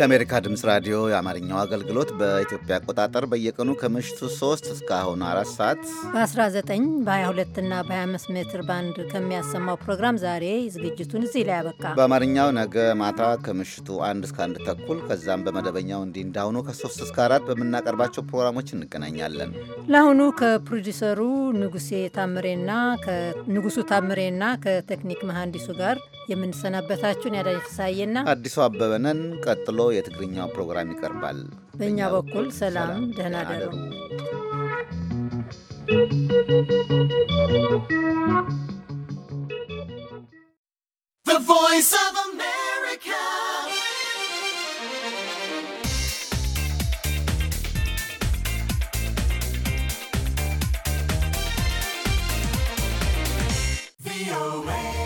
የአሜሪካ ድምፅ ራዲዮ የአማርኛው አገልግሎት በኢትዮጵያ አቆጣጠር በየቀኑ ከምሽቱ 3 እስካሁን አራት ሰዓት በ19 በ22 እና በ25 ሜትር ባንድ ከሚያሰማው ፕሮግራም ዛሬ ዝግጅቱን እዚህ ላይ ያበቃ። በአማርኛው ነገ ማታ ከምሽቱ አንድ እስከ አንድ ተኩል ከዛም በመደበኛው እንዲህ እንዳሁኑ ከ3 እስከ አራት በምናቀርባቸው ፕሮግራሞች እንገናኛለን። ለአሁኑ ከፕሮዲሰሩ ንጉሴ ታምሬና ንጉሱ ታምሬና ከቴክኒክ መሐንዲሱ ጋር የምንሰናበታችሁን ያዳኝ ፍሳዬና አዲሱ አበበነን ቀጥሎ በነገው የትግርኛው ፕሮግራም ይቀርባል። በእኛ በኩል ሰላም፣ ደህና ደሩ። away.